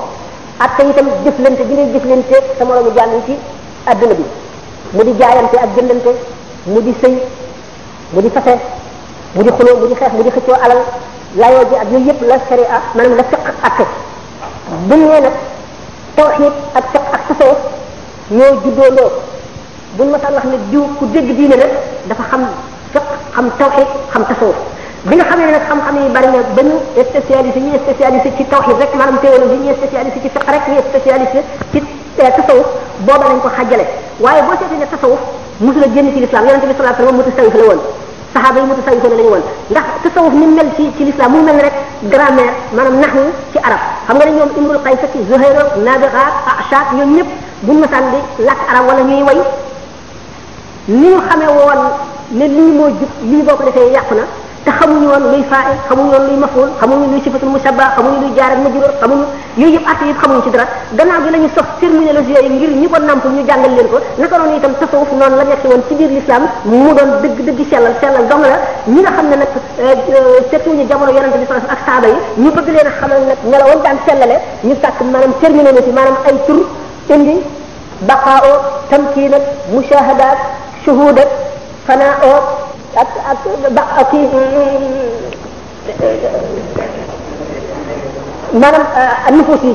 àtte itam jëflante bi ngay jëflante sa la jaam yi ci àdduna bi mu di jaayante ak jëndante mu di sëy mu di fase mu di xuloo mu di xeex mu di xëccoo alal layoo ji ak yooyu yëpp la sharia maanaam la fiq àtte buñ nee nag tawxiid ak fiq ak tasawuf ñoo juddoondoo buñ ma tax wax ne diw ku dégg diine nag dafa xam xam tawxid xam tasawuf bi nga xamee ne nag xam-xam yi bari na ba ñu spécialisé ñu spécialisé ci tawxid rek maanaam théologie ñu spécialisé ci fiqh rek ñu spécialisé ci tasawuf booba lañ ko xajale waaye boo seetee ne tasawuf mosul a génn ci l'islam yonente bi sallallahu alayhi wasallam mutasawif la woon saxaaba yi mutasawif la ñu woon ndax tasawuf ni mel ci ci l'islam mu mel ni rek grammaire maanaam naxwu ci arab xam nga ne ñoom imrul qays ci zuhayr nabiga ashaq ñoom ñëpp buñ masaan di làkk arab wala ñuy way ni ñu xamee woon ne lii moo jub lii boo ko defee yàqu na te xamuñu woon luy faay xamuñu woon luy mafuul xamuñu luy sifatul musabba xamuñu luy jaaral majruur xamuñu yooyu yëpp at yëpp xamuñu ci dara gannaaw gi la ñu sof terminologie yooyu ngir ñi ko namp ñu jàngal leen ko naka noonu itam tasawuf noonu la nekk woon ci biir l'islam mu doon dëgg dëgg sellal sellal dong la xam ne nag euh, euh, surtout jamono yonente bi sallallahu ak saaba yi ñu bëgg leen a xamal nag ne la woon daan sellale ñu sàkk maanaam terminologie maanaam tur indi baqaa o tamkiin ak mushahadaat fanaa oo ak ak ba ak kii maanaam euh, nufus yi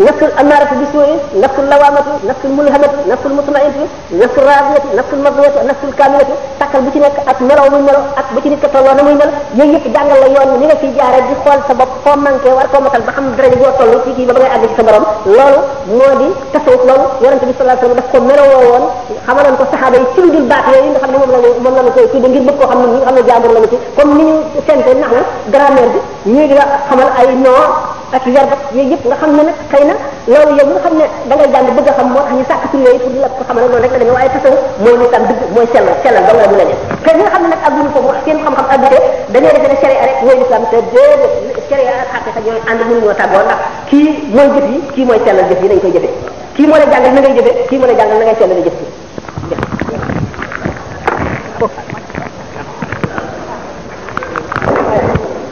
nafsul amaaratu bi suu'i nafsul lawaamatu nafsul mulhamatu nafsul mutma'innatu nafsul raadiyatu nafsul mardiyatu nafsul kaamilatu takkal bu ci nekk ak melaw muy melo ak bu ci nit ko tolloo na muy mel yooyu yëpp jàngal la yoon ni nga ciy jaare di xool sa bopp foo manqué war koo matal ba xam daraja boo toll ci kii ba ba ngay àgg ci sa borom loolu moo di tasawuf loolu yonente bi sallallahu alayhi wasallam daf ko melowoo woon xamaloon ko saxaaba yi ci lu dul baax yooyu nga xam ne moom la moom la ma koy tuddee ngir bëgg koo xam ne ñi nga xam ne jaambur la ma ci comme ni ñu sente nax na grammaire bi ñuy di xamal ay noo ak wergat yooyu yëpp nga xam ne nag xëy na loolu yow nga xam ne da ngay jàng bëgg a xam moo tax ñu sàkk tur yooyu pour di la ko xamal loolu rek la demee waaye façon mooy li tam dugg mooy sellal sellal dong la mën a def xëy nga xam ne nag àgguñu foofu wax seen xam-xam àggute dañoo defee ne sharia rek mooy lislam te déedéet sharia ak xaqiqa yooyu ànd mënuñoo tàggoo ndax kii mooy jëf yi kii mooy sellal jëf yi nañ koy jëfe kii moo la jàngal na ngay jëfe kii moo la jàngal na ngay sellal jëf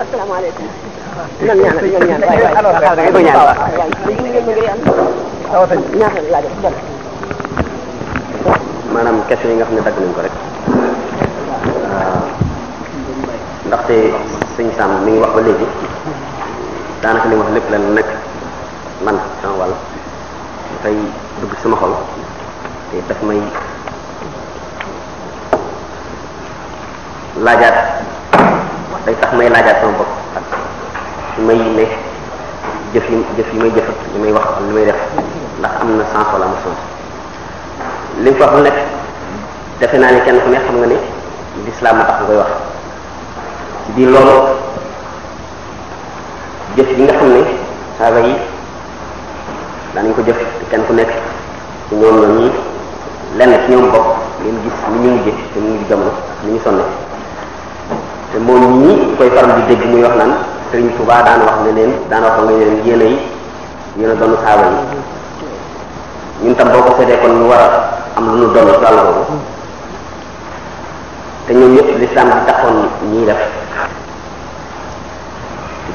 asalaamaaleykum ñaan ñaan maanaam question yi nga xam ne dagg nañ ko rek ndaxte sëñ Sam mi ngi wax ba léegi daanaka li mu lépp la nekk man sama wàll dafay dugg sama xol te daf may laajaat day tax may laajaat sama bopp. ci may ne jëf yi jëf yi may jëf ak li may wax ak li may def ndax am na sens wala amul sens li nga wax nag defe naa ne kenn ku nekk xam nga ne lislaam a koy wax ci biir yi nga ko jëf ku nekk ci ñoom ñooñu lenn ci ñoom bopp ngeen gis ni ñu mujjee te ñu ngi jamono ni ñu sonne te moom ñi koy faral di dégg muy wax naan Serigne Touba daan wax ne leen daan wax ne leen yéen yi yéen a doon yi ñun tam boo ko seetee kon ñu war a am lu ñu doon ci wàll boobu te ñoom ñëpp l'islam bi taxoon ñuy def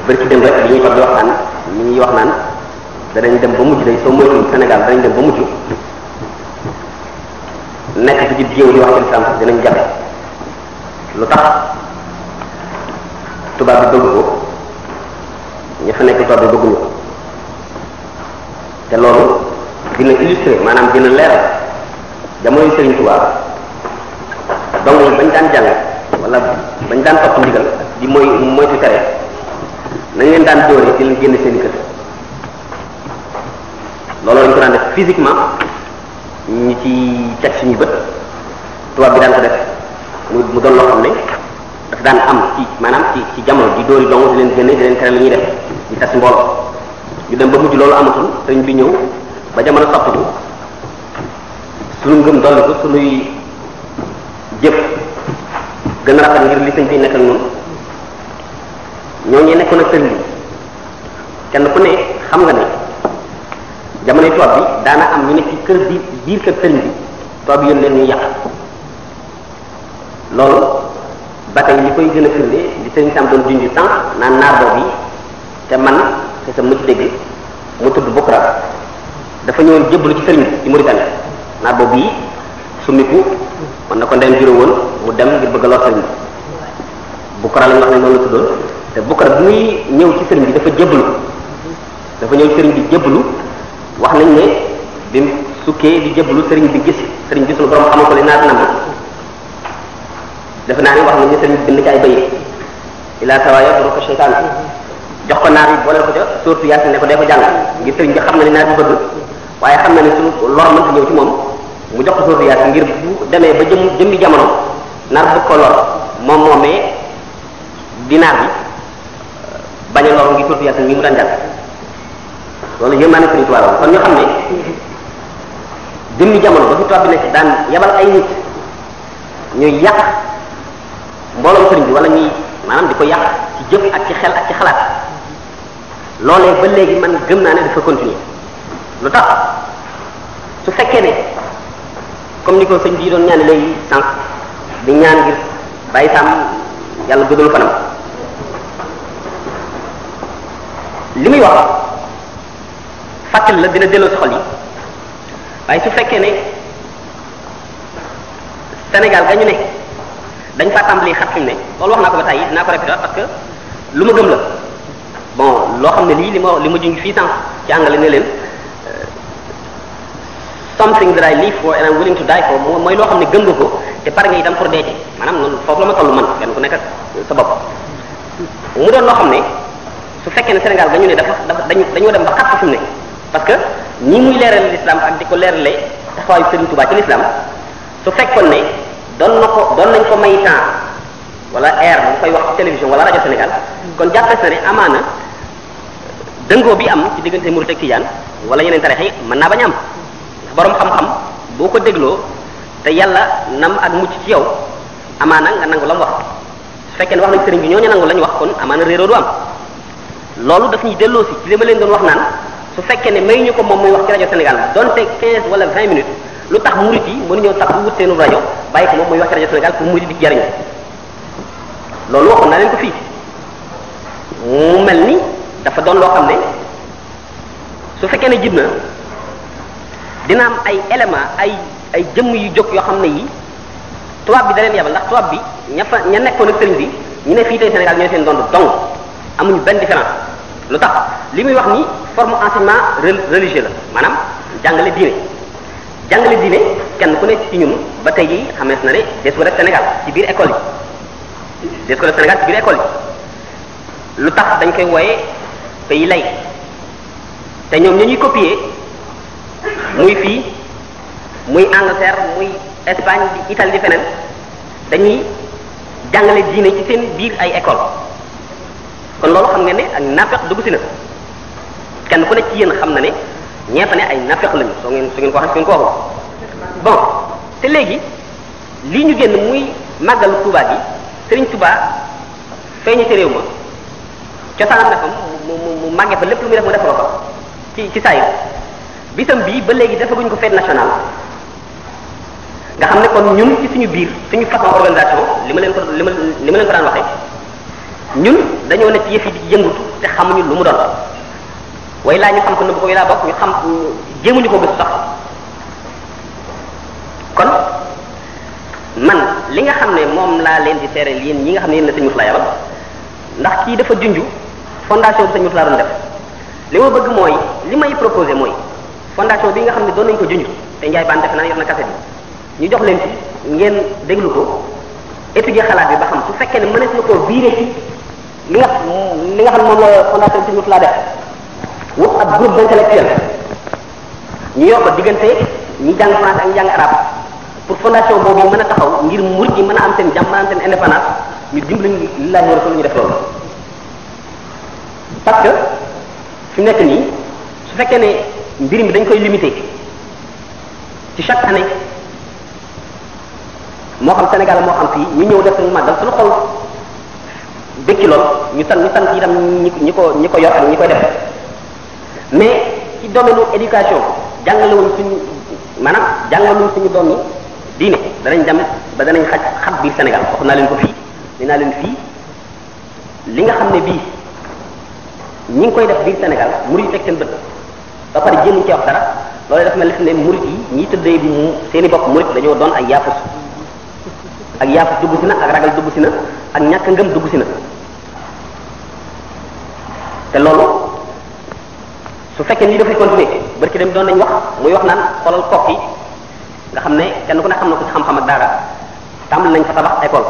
bërki dem rek li ñuy fa di waxtaan ñu ngi wax naan danañ dem ba mujj day soo moytuwul senegal danañ dem ba mujj nekk ci biir géew di wax ci l'islam dinañ jafe lu tax tubaab bi bëgg ko ña fa nekk toog bëgguñu ko te loolu dina illustré maanaam dina leeral jamono Serigne Touba dongul bañ daan jàng wala bañ daan topp ndigal di mooy moytu tere nañ leen daan dóore di leen génn seen kër loolu lañ ko daan def physiquement ñu ci si suñu bët tubaab bi daan ko def mu doon loo xam ne dafa daan am ci maanaam ci ci jamono di dóori dong di leen génne di leen tere li ñuy def ñu tas mbooloo ñu dem ba mujj loolu amatul sëriñ bi ñëw ba jamono soppatu suñu ngëm dolli ko suñuy jëf gën a rafet ngir li sëñ bi nekk ak ñun ñooñu nekkoon ak sëriñ bi kenn ku ne xam nga ne jamonoy tubaab bi daana am ñu ne ci kër bi biir kër sëriñ bi tubaab bi yónni leen ñuy yàq loolu ba tey li koy gën a firnde li sëriñ Sam doon junj sànq naan naar boobu yi te man te sa mujj dégg mu tudd Bukra dafa ñëwoon jébbalu ci sëriñ bi ci Mauritanie naa boobu yi summiku man na ko ndeyam juró mu dem ngir bëgg a lor sëriñ bi Bukra la wax ne noonu tuddoon te Bukra bi muy ñëw ci sëriñ bi dafa jébbalu dafa ñëw sëriñ bi jébbalu wax nañ ne bi mu sukkee di jébbalu sëriñ bi gis sëriñ bi suñu borom xamal ko li naat nam defe naa ne wax nañ ne sëriñ bi bind ci ay bayit ilaa sawa yadruka shaytaan jox ko naar boole booleel ko ca sourate Yaasin ne ko dee ko jàngal ngir sëriñ bi xam na ne naar bi bëgg waaye xam na ne su lor mënta ñëw ci moom mu jox ko sourate ngir bu demee ba jëm jëmmi jamono naar bëgg ko lor moom moomee di naar bi euh, bañ a lor ngir sourate Yaasin mi mu daan jàng loolu yërmaane sëriñ Tuubaa la kon ñu xam ne jamono ba fi toog bi nekk ay nit ñuy yàq mbooloo sëriñ bi wala ñuy maanaam di ko yàq ci jëf ak ci xel ak ci xalaat loolee ba léegi man gëm naa ne dafa continuer lu tax su fekkee ne comme ni ko bii doon ñaane léegi sànq di ñaan ngir bàyyi sàmm yàlla guddal fanam li muy wax fàttali la dina delloo si xol yi waaye su fekkee ne Sénégal ga ñu ne dañ fa tàmbali xat fi mu ne loolu wax naa ko ba tàyyi dinaa ko répéter parce que lu ma gëm la loo xam ne lii li ma li ma junj fii sànq ci àngale ne leen uh, something that I live for and I'm willing to die for mooy loo xam ne gën nga ko te pare nga itam pour dee ci maanaam noonu foofu la ma toll man kenn ku nekk sa bopp mu doon loo xam ne su fekkee ne Sénégal dañu ne dafa dafa dañu dañoo dem ba xàpp fu ne parce que ñi muy leeral l'islam ak di ko leerale taxawaayu Serigne Touba ci l'islam su fekkoon ne doon na ko doon nañ ko may temps wala air bu koy wax ci wala rajo Sénégal kon jàppes na ne dëngoo bi am ci diggante murid ak tijaan wala yeneen tarixa yi mën naa bañ am ndax borom xam-xam boo ko dégloo te yàlla nam ak mucc ci yow amaana nga nangu la mu wax su fekkee ne wax nañ sëriñ bi ñooñu nangu la ñu wax kon amaana réeroo du am loolu daf ñuy delloo ci li ma leen doon wax naan su fekkee ne may ñu ko moom muy wax ci rajo Sénégal donte 15 wala 20 minutes lu tax murid yi mënuñoo tax wut seenu rajo bàyyi ko moom muy wax ci rajo Sénégal pour murid di jariñu loolu waxoon naa leen ko fii mu ni dafa doon loo xam ne su fekkee ne jib na dina am ay éléments ay ay jëmm yu jóg yoo xam ne yi tubaab bi da leen yabal ndax tubaab bi ña fa ña nekkoon ak sëriñ bi ñu ne fii tey Sénégal ñooy seen dond dong amuñu benn différence lu tax li muy wax ni forme enseignement religieux la maanaam jàngale diine jàngale diine kenn ku nekk ci ñun ba tey jii xamees na ne des ko def Sénégal ci biir école yi des ko def Sénégal ci biir école yi lu tax dañ koy wooye pays lay te ñoom ñu ñuy copier muy fii muy Angleterre muy Espagne di Italie di feneen dañuy jàngale diine ci seen biir ay école kon loolu xam nga ne ak nafeq dugg si na kenn ku nekk ci yéen xam na ne ñeefa ne ay nafeq lañu soo ngeen su ngeen ko waxee su bon te léegi lii ñu génn muy màggalu Tuubaa yi Sëriñ Tuubaa feeñu ci réew ma cosaanam ne mu mu màggee fa lépp lu muy def mu def ko ci ci saa bisam bii ba léegi defaguñ ko fête national nga xam ne kon ñun ci suñu biir suñu façon organisation li ma leen ko li ma li ma leen ko daan waxee ñun dañoo ne ci yëf yi di yëngutu te lu mu doon way laa ñu xam ko nëbb ko way laa bokk ñu xam jéemuñu ko gëstu sax kon man li nga xam ne moom laa leen di seereel yéen ñi nga xam ne yéen la sëñ Moussa yabal ndax kii dafa junju fondation bi sëñ Moussa doon def li ma bëgg mooy li may proposé mooy fondation bi nga xam ne doon nañu ko junj te Ndiaye Bane defe naa yor na kase bi ñu jox leen ci ngeen déglu ko étudier xalaat bi ba xam su fekkee ne mënees na koo virer ci li nga li nga xam moom la fondation bi sëñ Moussa def wax ab groupe d'intellectuel ñu yor ko diggante ñi jàng français ak ñi jàng arabe pour fondation boobu mën a taxaw ngir murid yi mën a am seen jàmm mën a am seen indépendance ñu dimbali lillahi wa ñu def loolu. parce que fi nekk nii su fekkee ne mbir bi dañ koy limité ci chaque année moo xam Sénégal moo xam fii ñu ñëw def suñu màggal suñu xol békki lool ñu san ñu sant itam ñi ñi ko ñi ko yor ak ñi koy def mais ci domaine éducation jàngalewuñ suñu maanaam jàngaluñ suñu doom yi diine danañ dem ba danañ xaj xat biir Sénégal wax naa leen ko fii nee naa leen fii li nga xam ne bii ñi ngi koy def biir Sénégal murid yi teg seen bët ba pare jéem ci wax dara loolu daf mel ne murid yi ñiy tëddee mu seen i bopp murid dañoo doon ay yaafus ak yaafus dugg si na ak ragal dugg si na ak ñàkk ngëm dugg si na te loolu su fekkee ni dafay continuer barki dem doon nañ wax muy wax naan xolal kokk yi nga xam ne kenn ku ne xam na ko ci xam-xam ak daara tàmbali nañ fa tabax école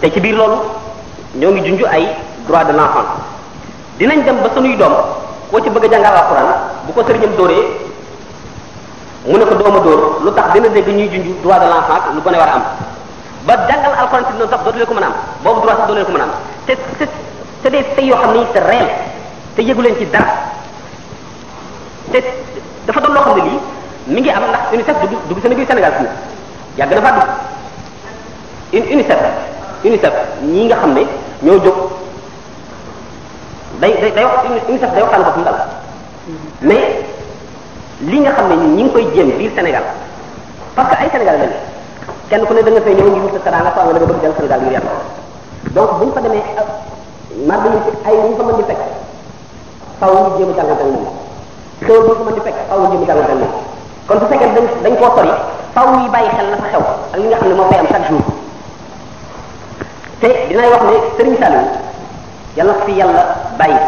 te ci biir loolu ñoo ngi junj ay droit de l'enfant dinañ dem ba sunuy doom koo ci bëgg a jàngal alxuraan bu ko sëriñam dóoree mu ne ko dooma dóor lu tax dina dégg ñuy junj droit de l'enfant lu bone war a am ba jàngal alxuraan ci noonu sax dootu leen ko mën a am boobu droit sax am te te te des faits yoo xam ne c'est réel te yëgu leen ci dara te dafa doon loo xam ne lii mi ngi am ndax UNICEF dugg dugg Sénégal Sénégal fii yàgg na faa dugg UNICEF ñi nga xam ne ñoo jóg day day day wax UNICEF day waxtaan ko mu dal mais li nga xam ne ñun ñi ngi koy jéem biir Sénégal parce que ay Sénégal lañu kenn ku ne da nga fay ñëw ngi wut sa teraanga nga da nga bëgg dem Sénégal ngir yàlla donc bu ñu fa demee mar dañu ci ay ñu fa a jàngante ak moom xew bu di fekk faaw ñu jéem a jàngante ak moom kon dañ koo sori faaw ñuy xel la fa xew ak nga xam ne moo koy am chaque jour te dinay wax ne sëriñ Saliou yàlla fi yàlla bàyyi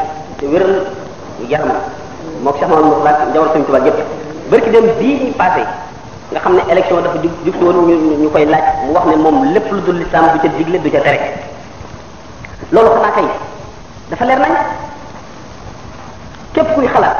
te wéral yaram moo ko Cheikh Mamadou Moussa njawal sëriñ Tuubaa yëpp barki dem bii ñu passé nga xam ne élection dafa jub jub si woon ñu koy laaj mu wax ne moom lépp lu dul lislaam du ca digle du ca tere loolu xanaa kay dafa leer nañ képp kuy xalaat